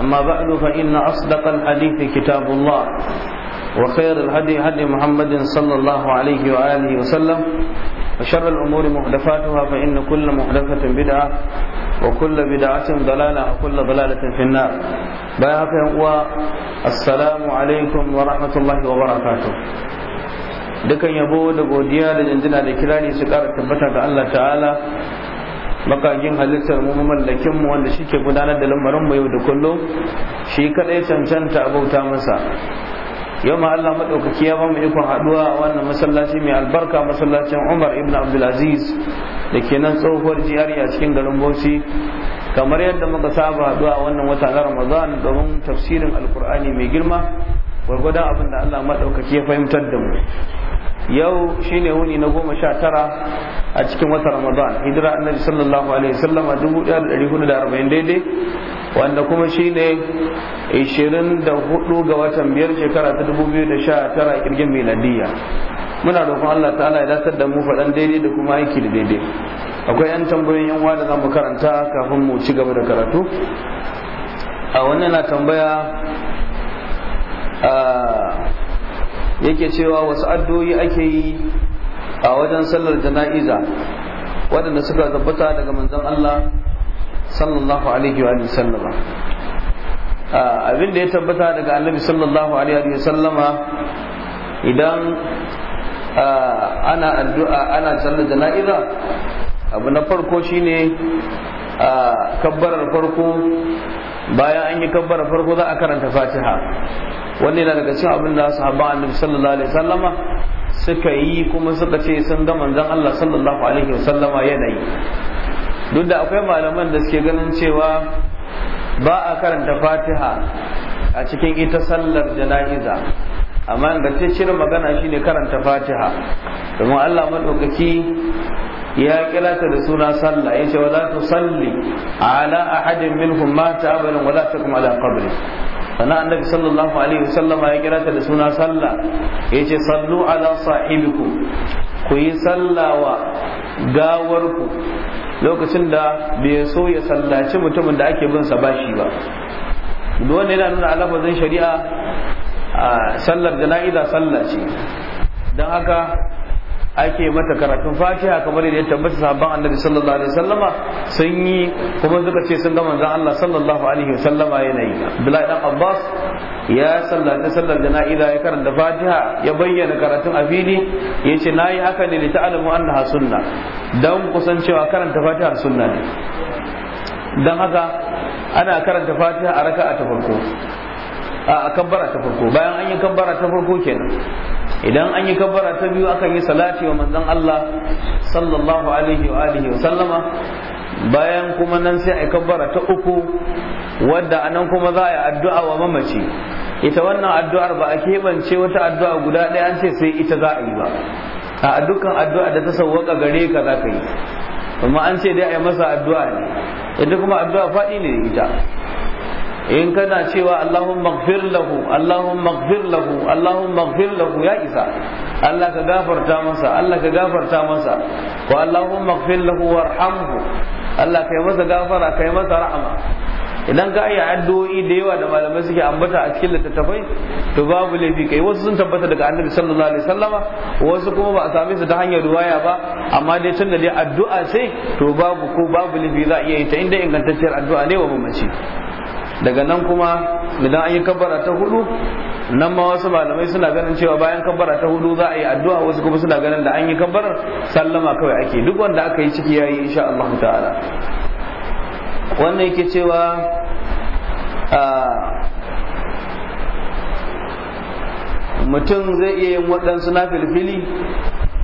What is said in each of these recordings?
أما بعد فإن أصدق الحديث كتاب الله وخير الهدي هدي محمد صلى الله عليه وآله وسلم وشر الأمور محدثاتها فإن كل محدثة بدعة وكل بدعة ضلالة وكل ضلالة في النار بياك السلام عليكم ورحمة الله وبركاته dukan yabo da godiya da jinjina da kirari su ƙara tabbata ga Allah ta'ala makagin halittar mu mallakin mu wanda shike gudanar da lamarin mu yau da kullum shi kadai cancanta abauta masa yau ma Allah madaukaki ya bamu ikon haduwa a wannan masallaci mai albarka masallacin Umar ibn Abdul Aziz da ke nan tsohuwar jiyari a cikin garin Bauchi kamar yadda muka saba haduwa a wannan wata na Ramadan domin tafsirin Alkur'ani mai girma gwargwadon abin da Allah madaukaki ya fahimtar da mu yau shine wuni na goma sha tara a cikin wata ramadan hijira annabi sallallahu alaihi wasallama dubu ɗaya da ɗari hudu da arba'in daidai wanda kuma shine ishirin da hudu ga watan biyar shekara ta dubu biyu da sha tara a ƙirgin miladiyya muna roƙon allah ta'ala ya dasar da mu faɗan daidai da kuma aiki da daidai akwai yan tambayoyin yan da za mu karanta kafin mu ci gaba da karatu a wannan na tambaya yake cewa wasu addu'o'i ake yi a wajen sallar jana'iza waɗanda suka tabbata daga manzon Allah sallallahu alaihi wa sallama abin da ya tabbata daga annabi sallallahu alaihi wa sallama idan ana addu'a ana sallar jana'iza abu na farko shine kabbarar farko bayan an yi kabbara farko za a karanta fatiha wannan yana daga cikin abin da sahaba annabi sallallahu alaihi wasallama suka yi kuma suka ce sun ga manzon Allah sallallahu alaihi wasallama yanayi duk da akwai malaman da suke ganin cewa ba a karanta fatiha a cikin ita sallar jana'iza amma ingantacciyar magana shine karanta fatiha domin Allah madaukaki ya kira ta da suna sallah ya ce wala tu salli ala ahadin minhum mata abadan wala takum ala qabri sana annabi sallallahu alaihi wasallam ya kira ta da suna sallah ya ce sallu ala sahibikum ku yi sallawa gawarku lokacin da bai so ya sallaci mutumin da ake bin sa bashi ba duk wanda yana nuna alafazin shari'a sallar jana'iza sallah ce don haka ake mata karatun fatiha kamar yadda ya tabbata sahabban annabi sallallahu alaihi wasallama sun yi kuma suka ce sun ga manzon Allah sallallahu alaihi wasallama yana yi Abdullahi dan Abbas ya sallata sallar jana'iza ya karanta fatiha ya bayyana karatun a fili ya ce nayi haka ne li ta'lamu annaha sunna dan kusan cewa karanta fatiha sunna ne dan haka ana karanta fatiha a raka'a ta farko a kabbara ta farko bayan an yi kabbara ta farko kenan idan an yi kabbara ta biyu akan yi salati wa manzon Allah sallallahu alaihi wa alihi wa sallama bayan kuma nan sai a kabbara ta uku wadda anan kuma za a yi addu'a wa mamaci ita wannan addu'ar ba a keɓance wata addu'a guda ɗaya an ce sai ita za a yi ba a dukkan addu'a da ta sauwaka gare ka za ka yi amma an ce dai a yi masa addu'a ne ita kuma addu'a faɗi ne ita in kana cewa Allahun ighfir lahu Allahun ighfir lahu Allahun ighfir lahu ya isa Allah ka gafarta masa Allah ka gafarta masa ko Allahun ighfir lahu warhamhu Allah kai masa gafara kai masa rahama idan ka yi addu'o'i da yawa da malamai suke ambata a cikin littattafai to babu laifi kai wasu sun tabbata daga annabi sallallahu alaihi wasallama wasu kuma ba a same su ta hanyar ruwaya ba amma dai tun da dai addu'a sai to babu ko babu laifi za a iya yi ta inda ingantacciyar addu'a ne wa mamaci daga nan kuma idan an yi kabbara ta hudu nan ma wasu malamai suna ganin cewa bayan kabbara ta hudu za a yi addu'a wasu kuma suna ganin da an yi kabbarar sallama kawai ake duk wanda aka yi ciki yayi insha Allah ta'ala wannan yake cewa mutum zai iya yin waɗansu na filfili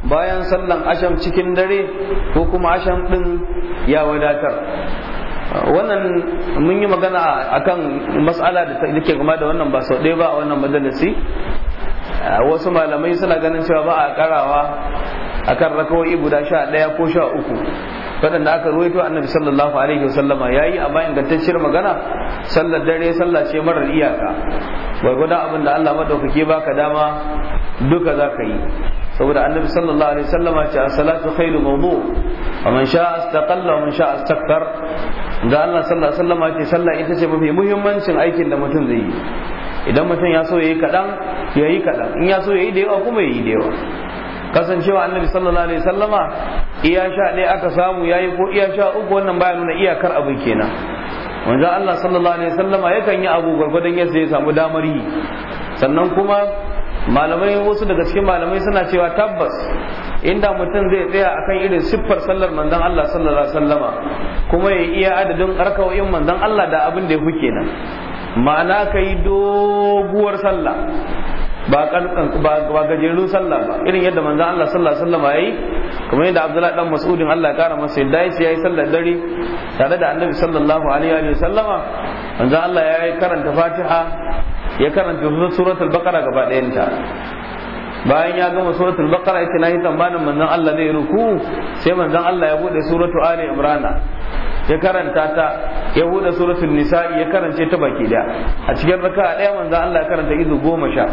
bayan sallan asham cikin dare ko kuma asham ɗin ya wadatar wannan mun yi magana akan matsala da take game da wannan ba sau ɗaya ba a wannan majalisi uh, wasu malamai suna ganin cewa ba a karawa akan rakawai guda sha ɗaya ko sha uku waɗanda aka ruwaito annabi sallallahu alaihi wasallama yayi a bayan magana sallar dare sallah ce marar iyaka gwargwadon abin da Allah madaukake baka dama duka za ka yi saboda annabi sallallahu alaihi wasallama ce as-salatu khairu mawdu wa man sha'a istaqalla wa man sha'a istakthar da Allah sallallahu alaihi wasallam ce sallah ita ce mafi muhimmancin aikin da mutum zai yi idan mutum ya so yayi kadan yayi kadan in ya so yayi da yawa kuma yayi da yawa kasancewa annabi sallallahu alaihi wasallama iya sha ɗaya aka samu yayi ko iya sha uku wannan baya nuna iyakar abu kenan manzon Allah sallallahu alaihi wasallama yakan yi abu gwargwadon yadda ya samu damar yi sannan kuma malamai wasu daga cikin malamai suna cewa tabbas inda mutum zai tsaya akan irin siffar sallar manzon Allah sallallahu alaihi wasallama kuma ya iya adadin rakawoyin manzon Allah da abin da ya fi kenan ma'ana ka yi doguwar sallah ba ba gajerun sallah ba irin yadda manzon Allah sallallahu alaihi wasallam yayi kamar yadda Abdullahi dan Mas'udin Allah ya kara masa yadda yayi yayi sallar dare tare da Annabi sallallahu alaihi wa sallama manzon Allah yayi karanta Fatiha ya karanta suratul Baqara gaba ɗayanta bayan ya gama suratul baqara yake nayi tambayan manzon Allah zai ruku sai manzon Allah ya bude suratul ali imrana ya karanta ta ya buɗe suratul nisa'i ya karance ta baki daya a cikin raka'a daya manzo Allah ya karanta izu goma sha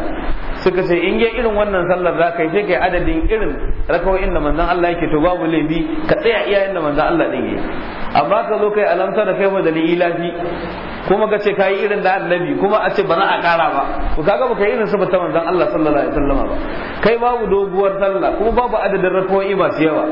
suka ce in ga irin wannan sallar za ka yi sai ka yi adadin irin rakawa inda manzan Allah yake to babu laifi ka tsaya iya inda manzan Allah din yi amma ka zo kai alamta da kai mu da ilafi kuma ka ce kai irin da annabi kuma a ce ba za a kara ba to kaga baka irin su ta manzan Allah sallallahu alaihi wasallam ba kai babu doguwar salla kuma babu adadin rakawoyi masu yawa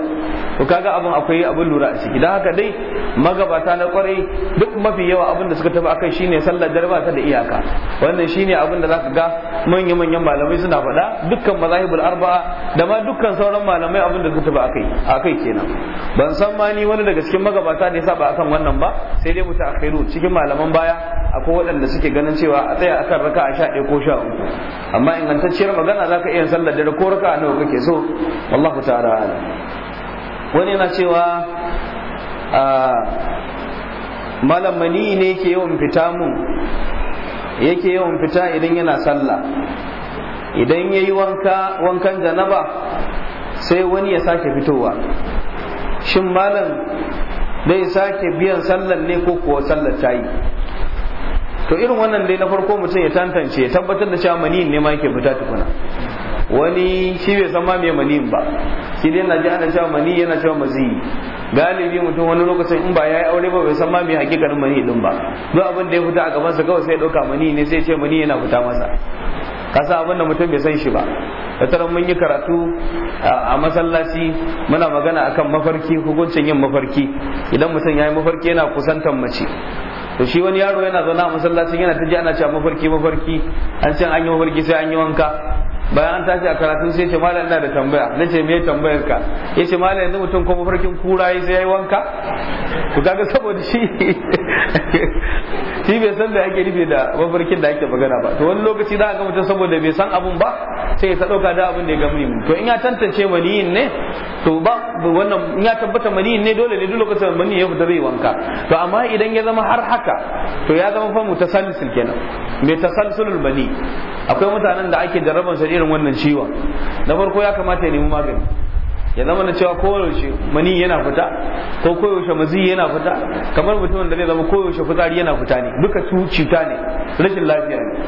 to kaga abin akwai abin lura a ciki dan haka dai magabata na kwarai duk mafi yawa abin da suka tafi akai shine sallar jarba ta da iyaka wannan shine abin da za ka ga manya manyan malamai suna faɗa dukkan mazahibul arba'a da ma dukkan sauran malamai abin da suka ba akai akai kenan ban san ma ni wani daga cikin magabata ne saba akan wannan ba sai dai muta akhiru cikin malaman baya akwai waɗanda suke ganin cewa a tsaya akan raka a sha ɗaya ko sha uku amma ingantacciyar magana zaka iya sallar dare ko raka nawa kake so wallahu ta'ala wani yana cewa malam mani ne yake yawan fita mun yake yawan fita idan yana sallah idan ya yi wanka wankan janaba sai wani ya sake fitowa shin malam zai sake biyan sallar ne ko kuwa sallar ta yi to irin wannan dai na farko mutum ya tantance ya tabbatar da cewa maniyin ne ma yake fita tukuna wani shi bai san ma me maniyin ba shi dai na ji ana cewa mani yana cewa mazi galibi mutum wani lokacin in ba ya yi aure ba bai san ma me hakikanin mani din ba duk abin da ya fita a gaban sa kawai sai ya dauka mani ne sai ce mani yana fita masa kasa abin da mutum bai san shi ba da taron mun yi karatu a masallaci muna magana akan mafarki hukuncin yin mafarki idan mutum ya yi mafarki yana kusantan mace to shi wani yaro yana zaune a masallacin yana ta ji ana cewa mafarki mafarki an ce an yi mafarki sai an yi wanka bayan an tashi a karatu sai ce malam ina da tambaya na ce me tambayar ka ya ce malam yanzu mutum kuma farkin kura yi sai ya yi wanka ku kaga saboda shi shi bai san da ake nufi da mafarkin da ake magana ba to wani lokaci za a ga mutum saboda bai san abun ba sai ya ta dauka da abun da ya ga muni to in ya tantance maniyin ne to ba wannan in ya tabbata maniyin ne dole ne duk lokacin maniyin ya fita zai wanka to amma idan ya zama har haka to ya zama fa mutasallisil kenan mai tasalsulul bani akwai mutanen da ake da rabon irin wannan ciwon na farko ya kamata ya nemi magani ya zama na cewa koyaushe mani yana fita ko koyaushe mazi yana fita kamar mutumin da zai zama koyaushe fitsari yana fita ne duka su cuta ne rashin lafiya ne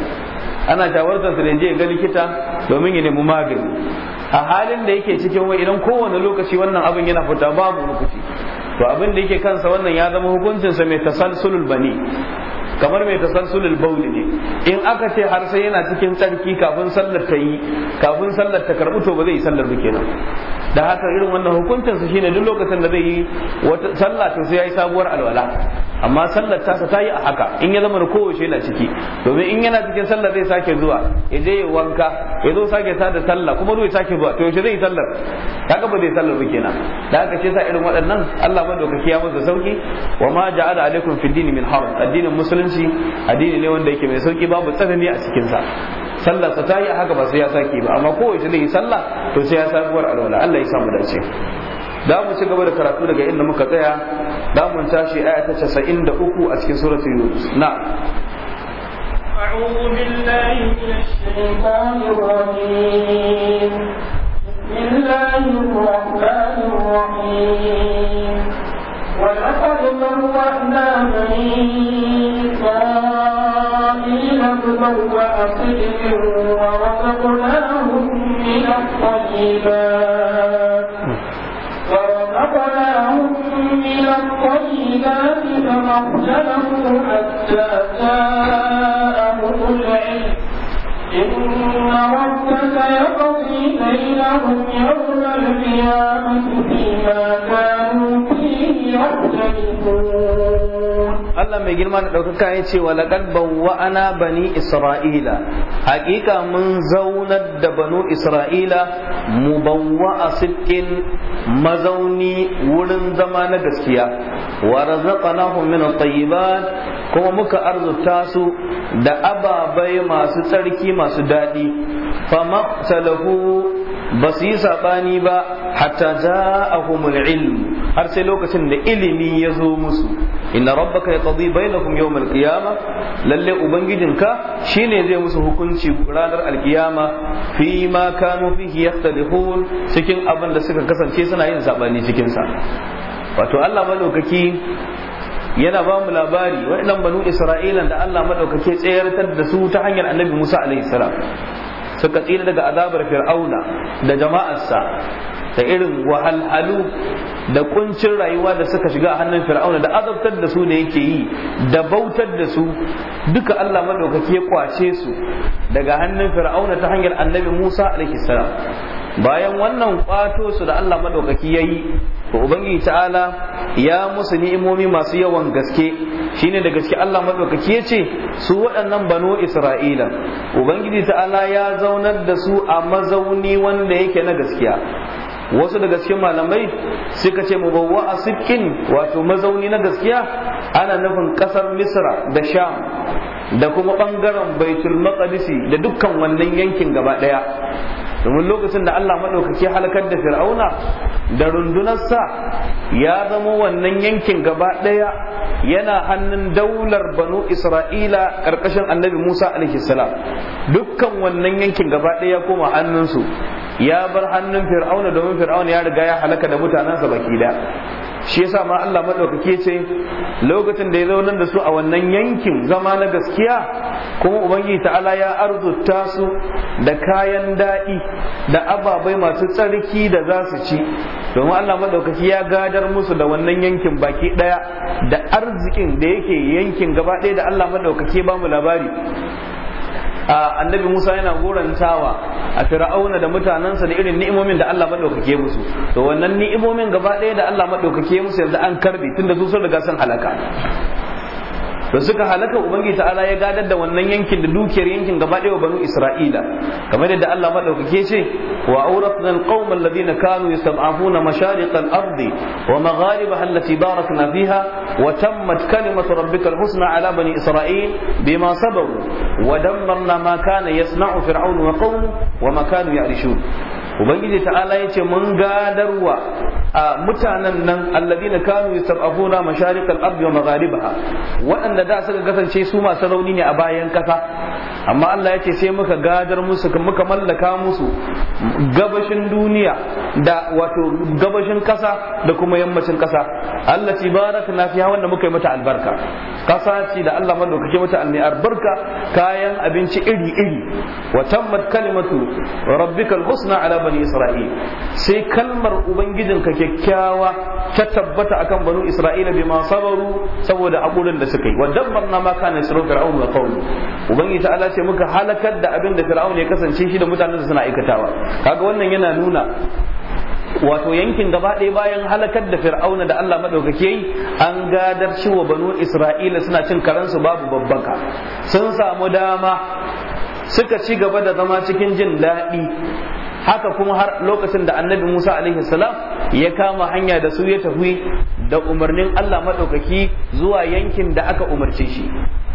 ana shawartar su da je ga likita domin ya nemi magani a halin da yake cikin wai idan kowane lokaci wannan abin yana fita babu lokaci to abin da yake kansa wannan ya zama hukuncinsa mai tasalsulul bani kamar mai tasalsulul bauli ne in aka ce har sai yana cikin tsarki kafin sallar ta yi kafin sallar ta karbu to ba zai yi sallar ba kenan da haka irin wannan hukuncin su shine duk lokacin da zai yi wata sallah to sai yayi sabuwar alwala amma sallar tasa ta yi a haka in ya zama da kowace yana ciki domin in yana cikin sallar zai sake zuwa ya je ya wanka ya zo sake tada talla kuma zai sake zuwa to yaushe zai yi sallar kaga ba zai sallar ba kenan da haka ce sa irin waɗannan Allah madaukaki ya da sauki wa ma ja'ala alaikum fi dini min haraj addinin musulunci addini ne wanda yake mai sauki babu tsanani a cikin sa sallar sa ta yi a haka ba sai ya sake ba amma kowace zai yi sallah to sai ya sabuwar alwala Allah ya samu dace da mu ci gaba da karatu daga inda muka tsaya da mu tashi aya ta 93 a cikin suratul yunus na أعوذ بالله من الشيطان الرجيم بسم الله الرحمن الرحيم ولقد بني إسرائيل ورزقناهم من الطيبات أكلا هم من الطيبات فما حتى جاءهم العلم إن ربك يقضي بينهم يوم القيامة فيما كانوا فيه يختلفون Allah mai girma da ɗaukaka ya ce wa laqad bawwa'ana bani isra'ila hakika mun zaunar da banu isra'ila mubawwa'a sidqin mazauni wurin zama na gaskiya wa razaqnahum min at kuma muka arzuta su da ababai masu tsarki masu daɗi fama talahu ba su yi saɓani ba hatta ja'ahumul ilm har sai lokacin da ilimi ya zo musu inna rabbaka yaqdi bainahum yawm alqiyama lalle ubangijinka shine zai musu hukunci ranar alkiyama fi ma kanu fihi yahtalifun cikin abin da suka kasance suna yin sabani cikin sa wato Allah madaukaki yana ba mu labari waannan banu isra'ilan da Allah madaukake tsayartar da su ta hanyar annabi Musa alaihi salam suka tsira daga azabar fir'auna da jama'arsa da irin wahalhalu da kuncin rayuwa da suka shiga a hannun fir'auna da azabtar da su ne yake yi da bautar da su duka Allah madaukaki ya kwace su daga hannun fir'auna ta hanyar annabi Musa alaihi salam bayan wannan kwato su da Allah madaukaki yayi to ubangiji ta'ala ya musu ni'imomi masu yawan gaske shine da gaske Allah madaukaki yace su waɗannan banu Isra'ila ubangiji ta'ala ya zaunar da su a mazauni wanda yake na gaskiya wasu daga cikin malamai suka ce mubawwa a sifkin wato mazauni na gaskiya ana nufin kasar misra da sham da kuma bangaren baitul maqdisi da dukkan wannan yankin gaba daya domin lokacin da Allah maɗaukaki halakar da fir'auna da rundunarsa ya zama wannan yankin gaba daya yana hannun daular banu isra'ila ƙarƙashin annabi musa alaihissalam dukkan wannan yankin gaba ɗaya koma hannunsu ya bar hannun fir'auna domin fir'auna ya riga ya halaka da mutanensa baki da shi yasa ma Allah madaukake ce lokacin da ya zaunar da su a wannan yankin zama na gaskiya kuma ubangiji ta'ala ya arzuta su da kayan daɗi da ababai masu tsarki da za su ci domin Allah maɗaukaci ya gadar musu da wannan yankin baki ɗaya da arzikin da yake yankin gaba ɗaya da Allah madaukake ba mu labari annabi Musa yana gorantawa a Fir'auna da mutanensa da irin ni'imomin da Allah madaukake musu to wannan ni'imomin gaba ɗaya da Allah madaukake musu yanzu an karbe tunda su sun riga sun halaka da suka halaka ubangiji ta'ala ya gadar da wannan yankin da dukiyar yankin gaba ɗaya banu isra'ila kamar yadda Allah madaukake ce wa awratna alqawma alladhina kanu yastab'afuna mashariq al-ard wa magharibaha allati barakna fiha wa tammat kalimatu rabbika al-husna ala bani isra'il bima sabaru wa dammarna ma kana yasna'u fir'aun wa qawmu wa ma kanu ya'rishun ubangiji ta'ala ya ce mun gadarwa a mutanen nan alladina kanu yasabuna masharikal ardi wa magharibaha waɗanda da suka kasance su masu rauni ne a bayan kasa amma Allah ya ce sai muka gadar musu muka mallaka musu gabashin duniya da wato gabashin kasa da kuma yammacin kasa allati barakna fiha wanda muka yi mata albarka kasa ce da Allah madaukake mata almi albarka kayan abinci iri iri wa tammat kalimatu rabbikal husna ala bani isra'il sai kalmar ubangijinka kyakkyawa ta tabbata akan banu isra'ila bima sabaru saboda abudan da suka yi wa dabbarna ma kana yasru fir'aun wa qawmi ubangiji ta'ala ce muka halakar da abin da fir'aun ya kasance shi da mutanen suna aikatawa kaga wannan yana nuna wato yankin gaba ɗaya bayan halakar da fir'auna da Allah maɗaukake yi an gadar cewa banu isra'ila suna cin karansu babu babbaka sun samu dama suka ci gaba da zama cikin jin daɗi haka kuma har lokacin da annabi musa alaihi salam ya kama hanya da su ya tafi da umarnin Allah maɗaukaki zuwa yankin da aka umarce shi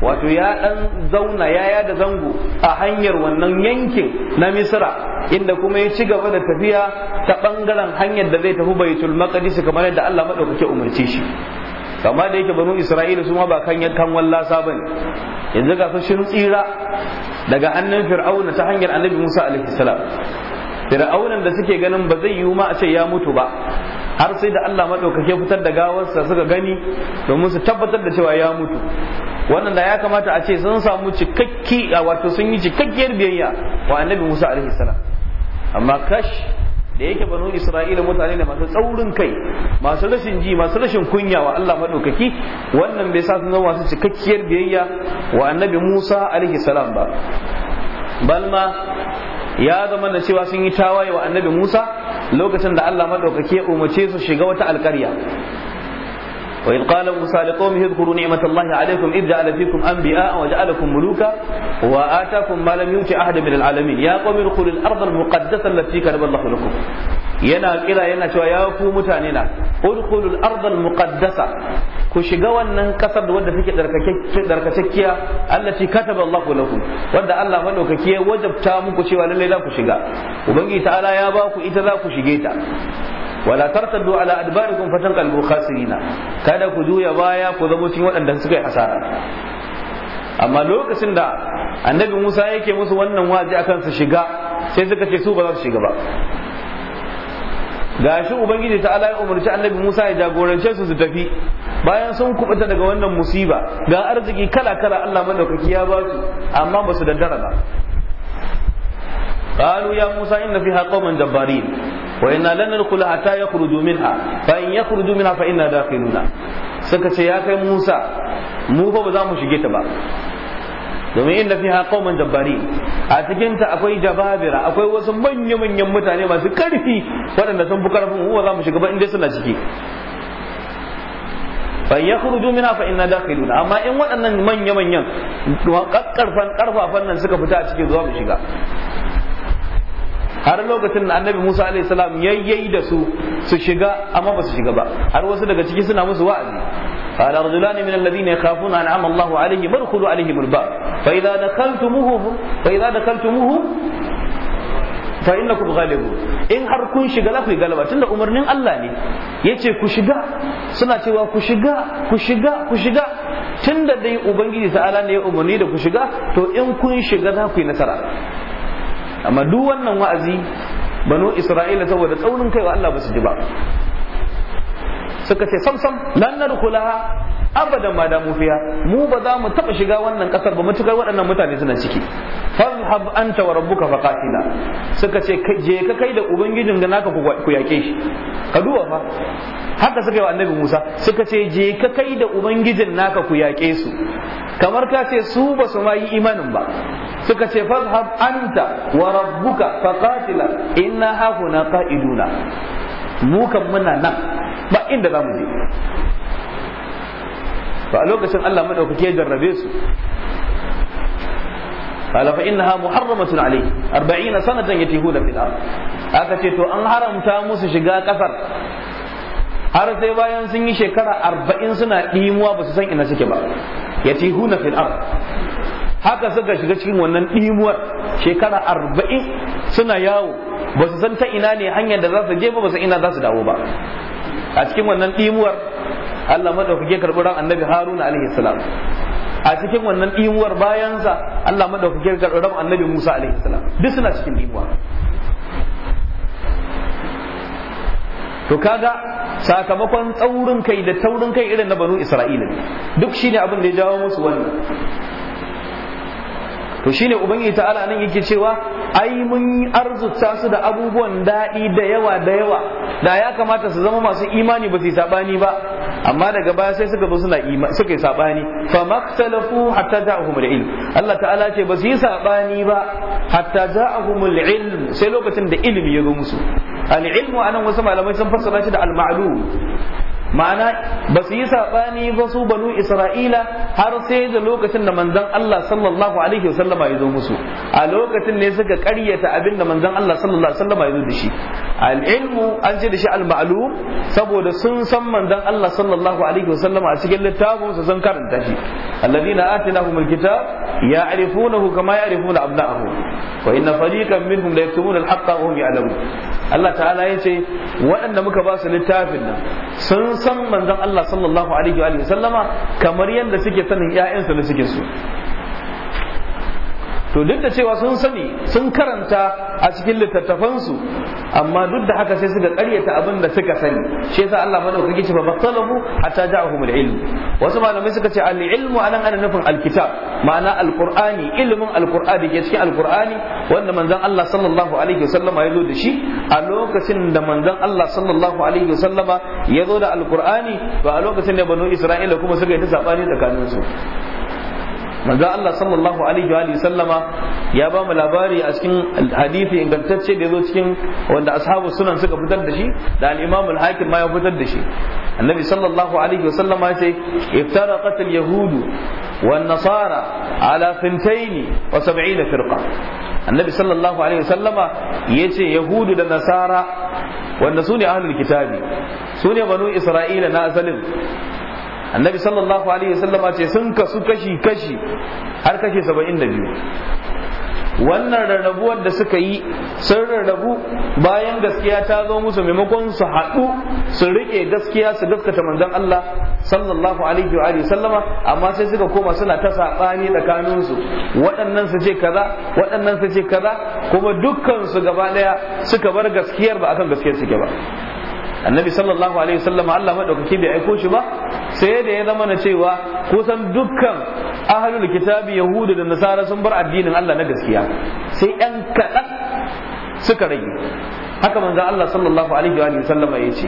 wato ya ɗan zauna yaya da zango a hanyar wannan yankin na misra inda kuma ya ci gaba da tafiya ta ɓangaren hanyar da zai tafi baitul maqdis kamar yadda Allah maɗaukaki umarce shi kama da yake banu isra'ila su ma ba kan yankan wallasa bane yanzu ga su shin tsira daga hannun fir'auna ta hanyar annabi musa alaihi salam fir'aunan da suke ganin ba zai yiwu ma a ce ya mutu ba har sai da Allah madaukake fitar da gawarsa suka gani domin su tabbatar da cewa ya mutu wannan da ya kamata a ce sun samu cikakki a wato sun yi cikakkiyar biyayya wa annabi Musa alaihi salam amma kash da yake banu Isra'ila mutane ne masu tsaurin kai masu rashin ji masu rashin kunya wa Allah maɗaukaki wannan bai sa sun zama masu cikakkiyar biyayya wa annabi Musa alaihi salam ba balma ya zama da cewa sun yi tawaye wa annabi Musa lokacin da Allah madaukake umarce su shiga wata alƙarya wa in qala Musa li qaumihi dhkuru ni'matallahi alaykum id ja'ala fikum anbiya'a waje ja'alakum muluka wa atakum ma lam yuti ahada min al'alamin ya qaumi dhkuru al-ardh al-muqaddasah allati kataba yana kira yana cewa ya ku mutane na udkhulul ardal muqaddasa ku shiga wannan kasar wadda take darkakakkiya allati kataba Allahu lakum wadda Allah madaukaki ya wajabta muku cewa lalle za ku shiga ubangiji ta'ala ya ba ku ita za ku shige ta wala tartaddu ala adbarikum fatanqalu khasirina kada ku juya baya ku zama cikin waɗanda suka yi amma lokacin da annabi Musa yake musu wannan waje akan su shiga sai suka ce su ba za su shiga ba Ga shi ubangiji ta ala ya umarci annabi Musa ya jagorance su su tafi bayan sun kubuta daga wannan musiba ga arziki kala kala Allah madaukaki ya ba su amma ba su daddara ba قالوا يا موسى إن فيها قوما جبارين وإنا لن ندخل حتى يخرجوا منها فإن يخرجوا منها فإنا داخلون سكت يا موسى مو ba za mu shige ta ba domin inda fiha qauman jabbari a cikin ta akwai jababira akwai wasu manya manyan mutane masu karfi waɗanda sun fi karfin uwa za mu shiga ba inda suna ciki fa yakhruju minha fa inna dakhilun amma in waɗannan manya manyan kakkarfan karfafan nan suka fita a cikin zuwa mu shiga har lokacin annabi Musa alaihi salam yayyai da su su shiga amma ba su shiga ba har wasu daga ciki suna musu wa'azi قال رجلان من الذين يخافون انعم الله عليهم ادخلوا عليهم الباب فاذا دخلتموه فاذا دخلتموه فإنكم غالبون in har kun shiga za ku yi galaba tunda umarnin Allah ne ya ce ku shiga suna cewa ku shiga ku shiga ku shiga tunda dai ubangiji ta'ala ne ya umarni da ku shiga to in kun shiga za ku nasara amma duk wannan wa'azi banu isra'ila saboda tsaunin kaiwa Allah ba su ji ba suka ce sam sam lan nadkhulaha abadan ma da mufiya fiya mu ba za mu taba shiga wannan kasar ba mutukar waɗannan mutane suna ciki fazhab anta wa rabbuka faqatila suka ce je ka kai da ubangijin da naka ku yake shi ka duwa fa haka suka yi wa annabi Musa suka ce je ka kai da ubangijin naka ku yake su kamar ka ce su ba su ma yi imanin ba suka ce fazhab anta wa rabbuka faqatila inna hahuna qa'iduna mu kan muna nan ba inda za mu je to a lokacin Allah madaukake ya jarrabe su قال فإنها محرمة عليه أربعين سنة يتيهون في الأرض أكتي تو أن حرم تاموس شقا كفر har sai bayan sun yi shekara arba'in suna ɗimuwa ba su san ina suke ba ya tihuna fil ard haka suka shiga cikin wannan ɗimuwar shekara arba'in suna yawo ba su san ta ina ne hanyar da za su je ba ba su ina za su dawo ba a cikin wannan ɗimuwar Allah madaukake karɓi ran annabi Haruna alaihi salam a cikin wannan imuwar bayansa Allah madaukake karɓi ran annabi Musa alaihi salam duk suna cikin imuwa to kaga sakamakon tsaurin kai da taurin kai irin na banu isra'ila duk shine abin da ya jawo musu wannan to shine ubangiji ta'ala nan yake cewa ai mun arzuta su da abubuwan daɗi da yawa da yawa da ya kamata su zama masu imani ba su sabani ba amma daga baya sai suka zo suna suka yi sabani fa maktalafu hatta ja'ahum ilm Allah ta'ala ce ba su yi sabani ba hatta ja'ahum ilm sai lokacin da ilimi ya zo musu al-ilmu anan wasu malamai sun fassara shi da al-ma'lum ma'ana ba su yi saɓani ba su banu isra'ila har sai da lokacin da manzon Allah sallallahu alaihi wasallama ya zo musu a lokacin ne suka karyata abin da manzon Allah sallallahu alaihi wasallama ya zo da shi al-ilmu an ce da shi al-ma'lum saboda sun san manzon Allah sallallahu alaihi wasallama a cikin littafin su sun karanta shi alladina atinahumul kitab ya'rifunahu kama ya'rifuna abna'ahum wa inna fariqan minhum la yaktumuna al-haqqa wa hum ya'lamun Allah ta'ala yace waɗanda muka ba su littafin nan sun san manzon Allah sallallahu alaihi wa sallama kamar yadda suke sanin ƴaƴansu na suke su to duk da cewa sun sani sun karanta a cikin littattafansu amma duk da haka sai suka karyata abin da suka sani shi yasa Allah madaukaki ce fa a hatta ja'ahum al-ilm wasu malamai suka ce al-ilmu anan ana nufin al-kitab ma'ana al-qur'ani ilmin al-qur'ani ke cikin al-qur'ani wanda manzon Allah sallallahu alaihi wasallama ya zo da shi a lokacin da manzon Allah sallallahu alaihi wasallama ya zo da al-qur'ani to a lokacin da banu Isra'ila kuma suka yi ta sabani tsakaninsu manzo Allah sallallahu alaihi wa sallama ya ba mu labari a cikin hadisi ingantacce da yazo cikin wanda ashabu sunan suka fitar da shi da al-Imam al-Hakim ma ya fitar da shi annabi sallallahu alaihi wa sallama ya yace iftaraqat al-yahud wan nasara ala 72 firqa annabi sallallahu alaihi wa sallama yace yahudu da nasara wanda su ne ahlul kitabi su ne banu isra'ila na asalin annabi sallallahu alaihi wasallam ce sun kasu kashi kashi har kashi saba'in wannan rarrabuwar da suka yi sun rarrabu bayan gaskiya ta zo musu maimakon su haɗu su riƙe gaskiya su gaskata manzon Allah sallallahu alaihi wa sallama amma sai suka koma suna ta saɓani tsakaninsu waɗannan su ce kaza waɗannan su ce kaza kuma dukkan su gaba ɗaya suka bar gaskiyar ba akan gaskiyar suke ba annabi sallallahu alaihi wasallam Allah madaukaki bai aiko shi ba sai da ya zama na cewa kusan dukkan ahlul kitabi yahudu da nasara sun bar addinin Allah na gaskiya sai yan kaɗan suka rage haka manzon Allah sallallahu alaihi wa sallama ya ce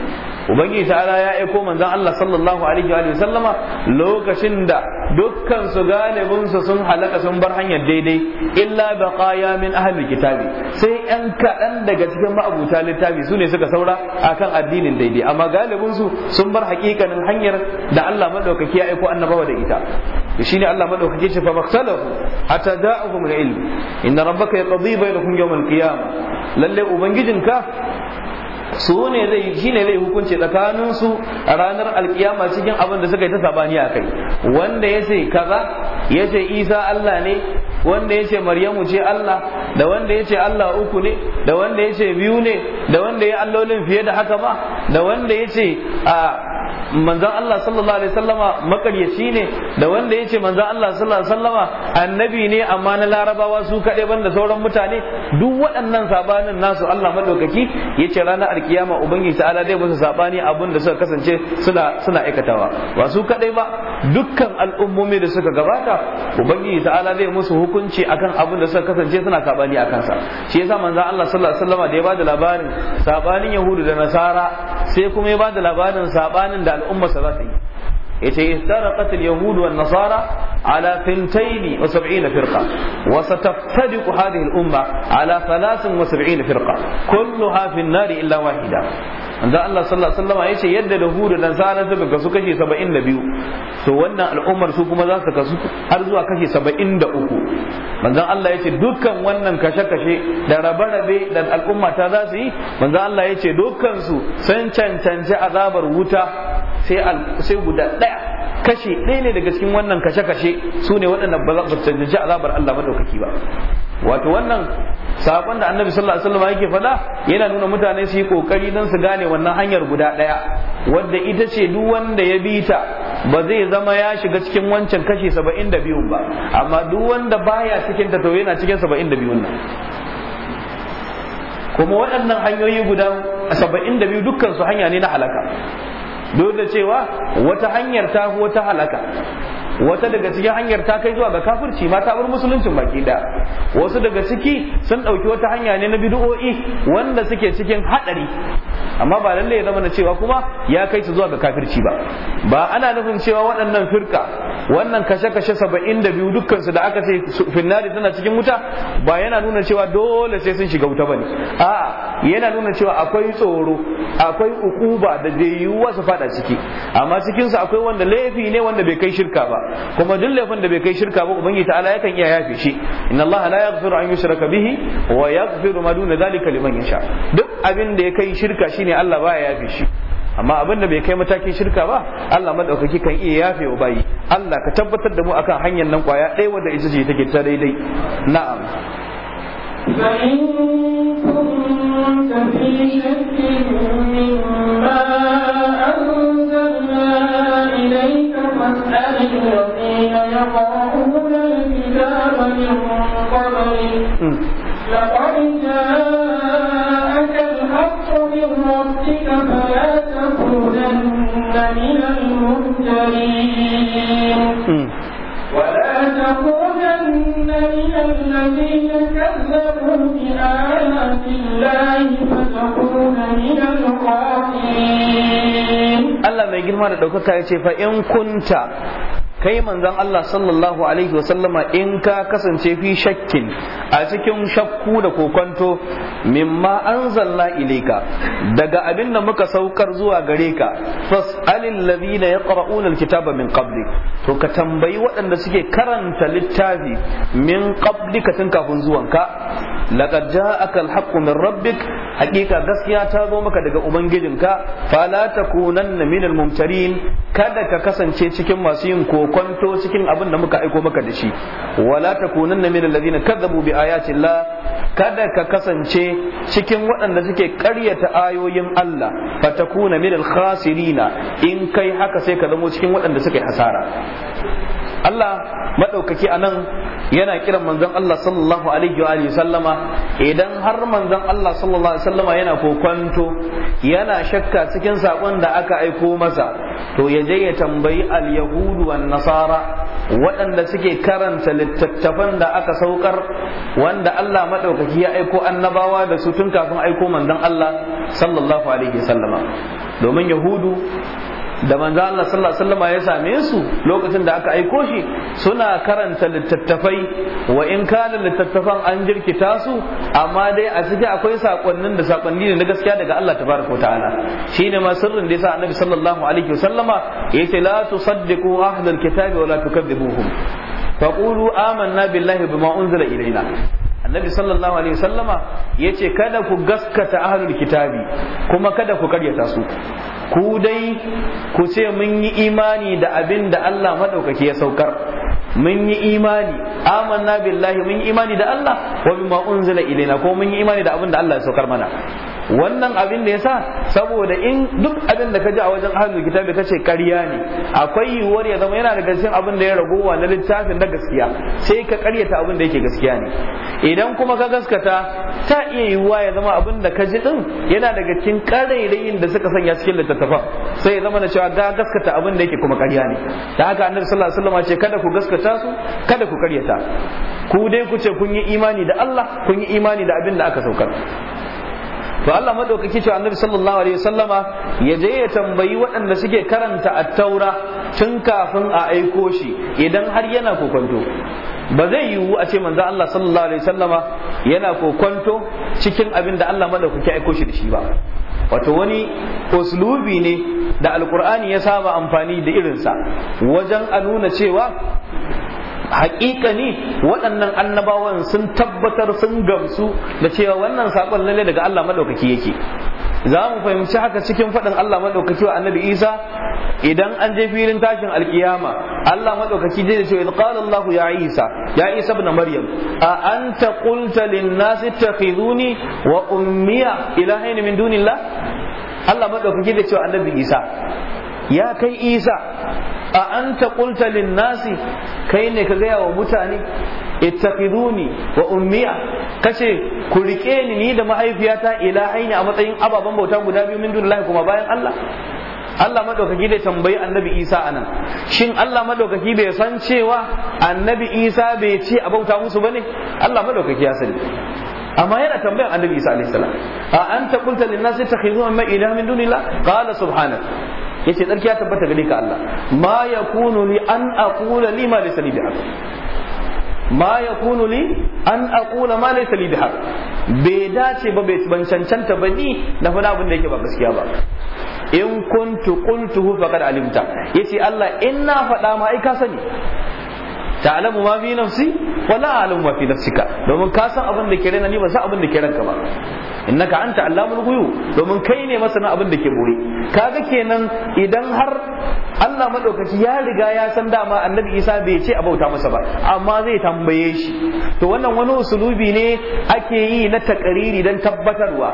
ubangiji ta'ala ya aiko manzon Allah sallallahu alaihi wa sallama lokacin da dukkan su galibin su sun halaka sun bar hanyar daidai illa baqaya min ahli kitabi sai yan kaɗan daga cikin ma'abuta littafi su ne suka saura akan addinin daidai amma galibin su sun bar hakikanin hanyar da Allah madaukaki ya aiko annabawa da ita shine Allah madaukaki ce fa baksalahu hatta da'ahum ilm inna rabbaka yaqdi bainakum yawm al-qiyamah lalle ka. Тогда su ne zai ne zai hukunci tsakanin su a ranar alkiyama cikin abin da suka yi ta sabani a kai wanda ya ce kaza ya ce isa Allah ne wanda ya ce maryamu ce Allah da wanda ya ce Allah uku ne da wanda ya ce biyu ne da wanda ya allolin fiye da haka ba da wanda ya ce a manzan Allah sallallahu alaihi sallama makaryaci ne da wanda ya ce manzan Allah sallallahu alaihi sallama annabi ne amma na larabawa su kaɗai banda sauran mutane duk waɗannan sabanin nasu Allah madaukaki ya ce ranar alkiyama ubangiji ta'ala zai musu sabani abin da suka kasance suna suna aikatawa ba su kadai ba dukkan al'ummomi da suka gabata ubangiji ta'ala zai musu hukunci akan abin da suka kasance suna sabani akan sa shi yasa manzon Allah sallallahu alaihi wasallam da ya bada labarin sabanin yahudu da nasara sai kuma ya bada labarin sabanin da al'ummarsa za ta yi yace istaraqat al-yahud wan nasara ala 72 firqa wa sataftariq hadhihi al-umma ala 73 firqa kulluha fi an-nar illa wahida manzo Allah sallallahu alaihi wasallam yace yadda yahudu da nasara suka kasu kashi 72 to wannan al'ummar su kuma za su kasu har zuwa kashi 73 manzo Allah yace dukkan wannan kashe-kashe da rabe-rabe da al'umma ta za su yi manzo Allah yace dukkan su sun cancanci azabar wuta sai guda ɗaya kashe ɗaya ne daga cikin wannan kashe-kashe su ne waɗanda ba za su cancanci azabar Allah maɗaukaki ba wato wannan sakon da annabi sallallahu alaihi wasallam yake faɗa yana nuna mutane su yi kokari don su gane wannan hanyar guda ɗaya wadda ita ce duk wanda ya bi ta ba zai zama ya shiga cikin wancan kashi saba'in da biyun ba amma duk wanda baya cikin ta to yana cikin saba'in da biyun nan kuma waɗannan hanyoyi guda saba'in da biyu dukkan su hanya ne na halaka duk da cewa wata hanyar ta wata halaka wata daga cikin hanyar ta kai zuwa ga kafirci ma ta bar musuluncin baki da wasu daga ciki sun ɗauki wata hanya ne na bid'o'i wanda suke cikin haɗari amma ba lallai ya zama na cewa kuma ya kai su zuwa ga kafirci ba ba ana nufin cewa waɗannan firka wannan kashe-kashe saba'in da biyu dukkansu da aka ce finnari tana cikin wuta ba yana nuna cewa dole sai sun shiga wuta bane a yana nuna cewa akwai tsoro akwai ukuba da bai su fada ciki amma cikinsu akwai wanda laifi ne wanda bai kai shirka ba kuma duk laifin da bai kai shirka ba ubangi ta'ala yakan iya yafe shi inna Allah la yaghfiru an yushraka bihi wa yaghfiru ma duna zalika liman yasha duk abin da ya kai shirka shine Allah baya yafe shi amma abin da bai kai matakin shirka ba Allah madaukaki kan iya yafe wa bayi Allah ka tabbatar da mu akan hanyar nan kwaya ɗaya wadda ita ce take ta daidai na'am hmm. لقد جاءك الحق من ربك فلا allah mai girma da ɗaukaka ya ce fa yankunta kai manzon Allah sallallahu alaihi wasallama in ka kasance fi shakkin a cikin shakku da kokonto mimma anzalna ilaika daga abin da muka saukar zuwa gare ka fas'alil ladina yaqra'una alkitaba min qabli to ka tambayi waɗanda suke karanta littafi min qabli ka tun kafin zuwanka laqad ja'aka alhaqqu min rabbik hakika gaskiya ta zo maka daga ubangijinka fala takunanna minal mumtarin kada ka kasance cikin masu yin kokonto cikin abin da muka aiko maka da shi wala takunanna minal ladina kadzabu bi ayati Allah kada ka kasance cikin waɗanda suke ƙaryata ayoyin Allah fatakuna minal khasirina in kai haka sai ka zamo cikin waɗanda suke hasara Allah a nan yana kiran manzon Allah sallallahu alaihi wa sallama idan har manzon Allah sallallahu alaihi sallama yana kokonto yana shakka cikin saƙon da aka aiko masa to ya je ya tambayi al-yahudu wan nasara waɗanda suke karanta littattafan da aka saukar wanda Allah maɗaukaki ya aiko annabawa da su tun kafin aiko manzon Allah sallallahu alaihi sallama domin yahudu da manzo Allah sallallahu alaihi wasallam ya same su lokacin da aka aiko shi suna karanta littattafai wa in kana littattafan an jirkita su amma dai a ciki akwai sakonnin da sakonni ne na gaskiya daga Allah tabaraka ta'ala shine ma sirrin da yasa annabi sallallahu alaihi wasallama yace la tusaddiqu ahlul kitabi wa la tukadibuhum faqulu amanna billahi bima unzila ilaina annabi sallallahu alaihi wasallama yace kada ku gaskata ahlul kitabi kuma kada ku karyata su ku dai ku ce mun yi imani da abin da Allah maɗaukaki ya saukar mun yi imani amanna billahi mun yi imani da Allah wa bima unzila ilaina ko mun yi imani da abin da Allah ya saukar mana wannan abin da yasa saboda in duk abin da ka ji a wajen ahlul kitabi kace ƙarya ne akwai yiwuwar ya zama yana daga cikin abin da ya ragowa na littafin da gaskiya sai ka ƙaryata abin da yake gaskiya ne idan kuma ka gaskata ta iya yiwuwa ya zama abin da ka ji din yana daga cikin ƙarairayin da suka sanya cikin littattafan sai ya zama na cewa ga gaskata abin da yake kuma ƙarya ne da haka annabi sallallahu alaihi wasallam ce kada ku gaskata su kada ku ƙaryata ku dai ku ce kun yi imani da Allah kun yi imani da abin da aka saukar to Allah madaukaki to annabi sallallahu alaihi wasallama ya je ya tambayi waɗanda suke karanta at-taura tun kafin a aiko shi idan har yana kokonto ba zai yiwu a ce manzo Allah sallallahu alaihi wasallama yana kokonto cikin abin da Allah madaukaki aiko shi da shi ba wato wani uslubi ne da alkur'ani ya saba amfani da irinsa wajen a nuna cewa ne waɗannan annabawan sun tabbatar sun gamsu da cewa wannan saƙon lalle daga Allah maɗaukaki yake za mu fahimci haka cikin faɗin Allah maɗaukaki wa annabi Isa idan an je filin tashin alkiyama Allah maɗaukaki zai ce idan qala Allah ya Isa ya Isa ibn Maryam a anta qulta lin nas ittakhiduni wa ummiya ilahaini min dunillah Allah maɗaukaki zai ce annabi Isa ya kai Isa a an qulta lin nasi kai ne ka gaya wa mutane ittakhiduni wa ummiya kace ku rike ni ni da mahaifiyata aini a matsayin ababen bauta guda biyu min dunillahi kuma bayan Allah Allah madaukaki bai tambayi annabi Isa anan shin Allah madaukaki bai san cewa annabi Isa bai ce a bauta musu bane Allah madaukaki ya sani amma yana tambayan annabi Isa alaihi salam a an qulta lin nasi takhizuna ma ilaha min dunillahi qala subhanahu. yace tsarki ya tabbata gare ka Allah ma yakunu li an aqula lima laysa li bihaq ma yakunu li an aqula ma laysa li bihaq bai dace ba bai ban cancanta ba ni na faɗa abin da yake ba gaskiya ba in kuntu qultuhu faqad alimta yace Allah inna na faɗa ma ai ka sani ta'lamu ma fi nafsi wala alim wa fi nafsika domin ka san abin da ke rena ni ba san abin da ke ranka ba innaka anta allamul ghuyub domin kai ne masana abin da ke bore kaga kenan idan har Allah madaukaki ya riga ya san dama annabi Isa bai ce a bauta masa ba amma zai tambaye shi to wannan wani usulubi ne ake yi na takariri dan tabbatarwa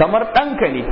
kamar ɗanka ne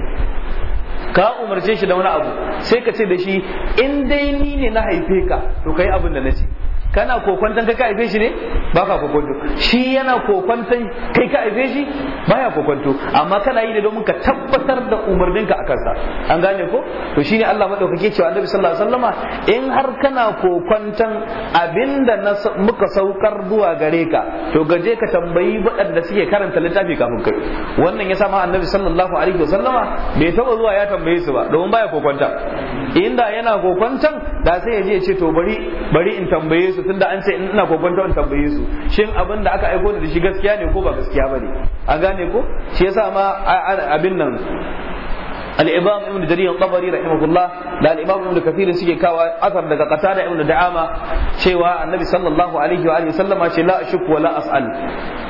ka umarce shi da wani abu sai ka ce da shi in dai ni ne na haife ka to kai abin da na ce kana kokwantan kai ka haife shi ne ba ka kokwanto shi yana kokwantan kai ka haife shi ba ya kokwanto amma kana yi ne domin ka tabbatar da umarninka a sa an gane ko to shine Allah madaukake cewa Annabi sallallahu alaihi wasallama in har kana kokwantan abinda na muka saukar zuwa gare ka to gaje ka tambayi waɗanda suke karanta littafi kafin kai wannan yasa ma Annabi sallallahu alaihi wasallama bai taba zuwa ya tambaye su ba domin baya kokwanta inda yana kokwantan da sai ya je ya ce to bari bari in tambaye su tun da an ce ina kokonta wani tambaye su shin abin da aka aiko da shi gaskiya ne ko ba gaskiya bane a gane ko shi yasa ma abin nan al-imam ibn jarir al-tabari rahimahullah da al-imam ibn kathir suke kawa asar daga qatada ibn da'ama cewa annabi sallallahu alaihi wa alihi sallama ce la ashku wa la as'al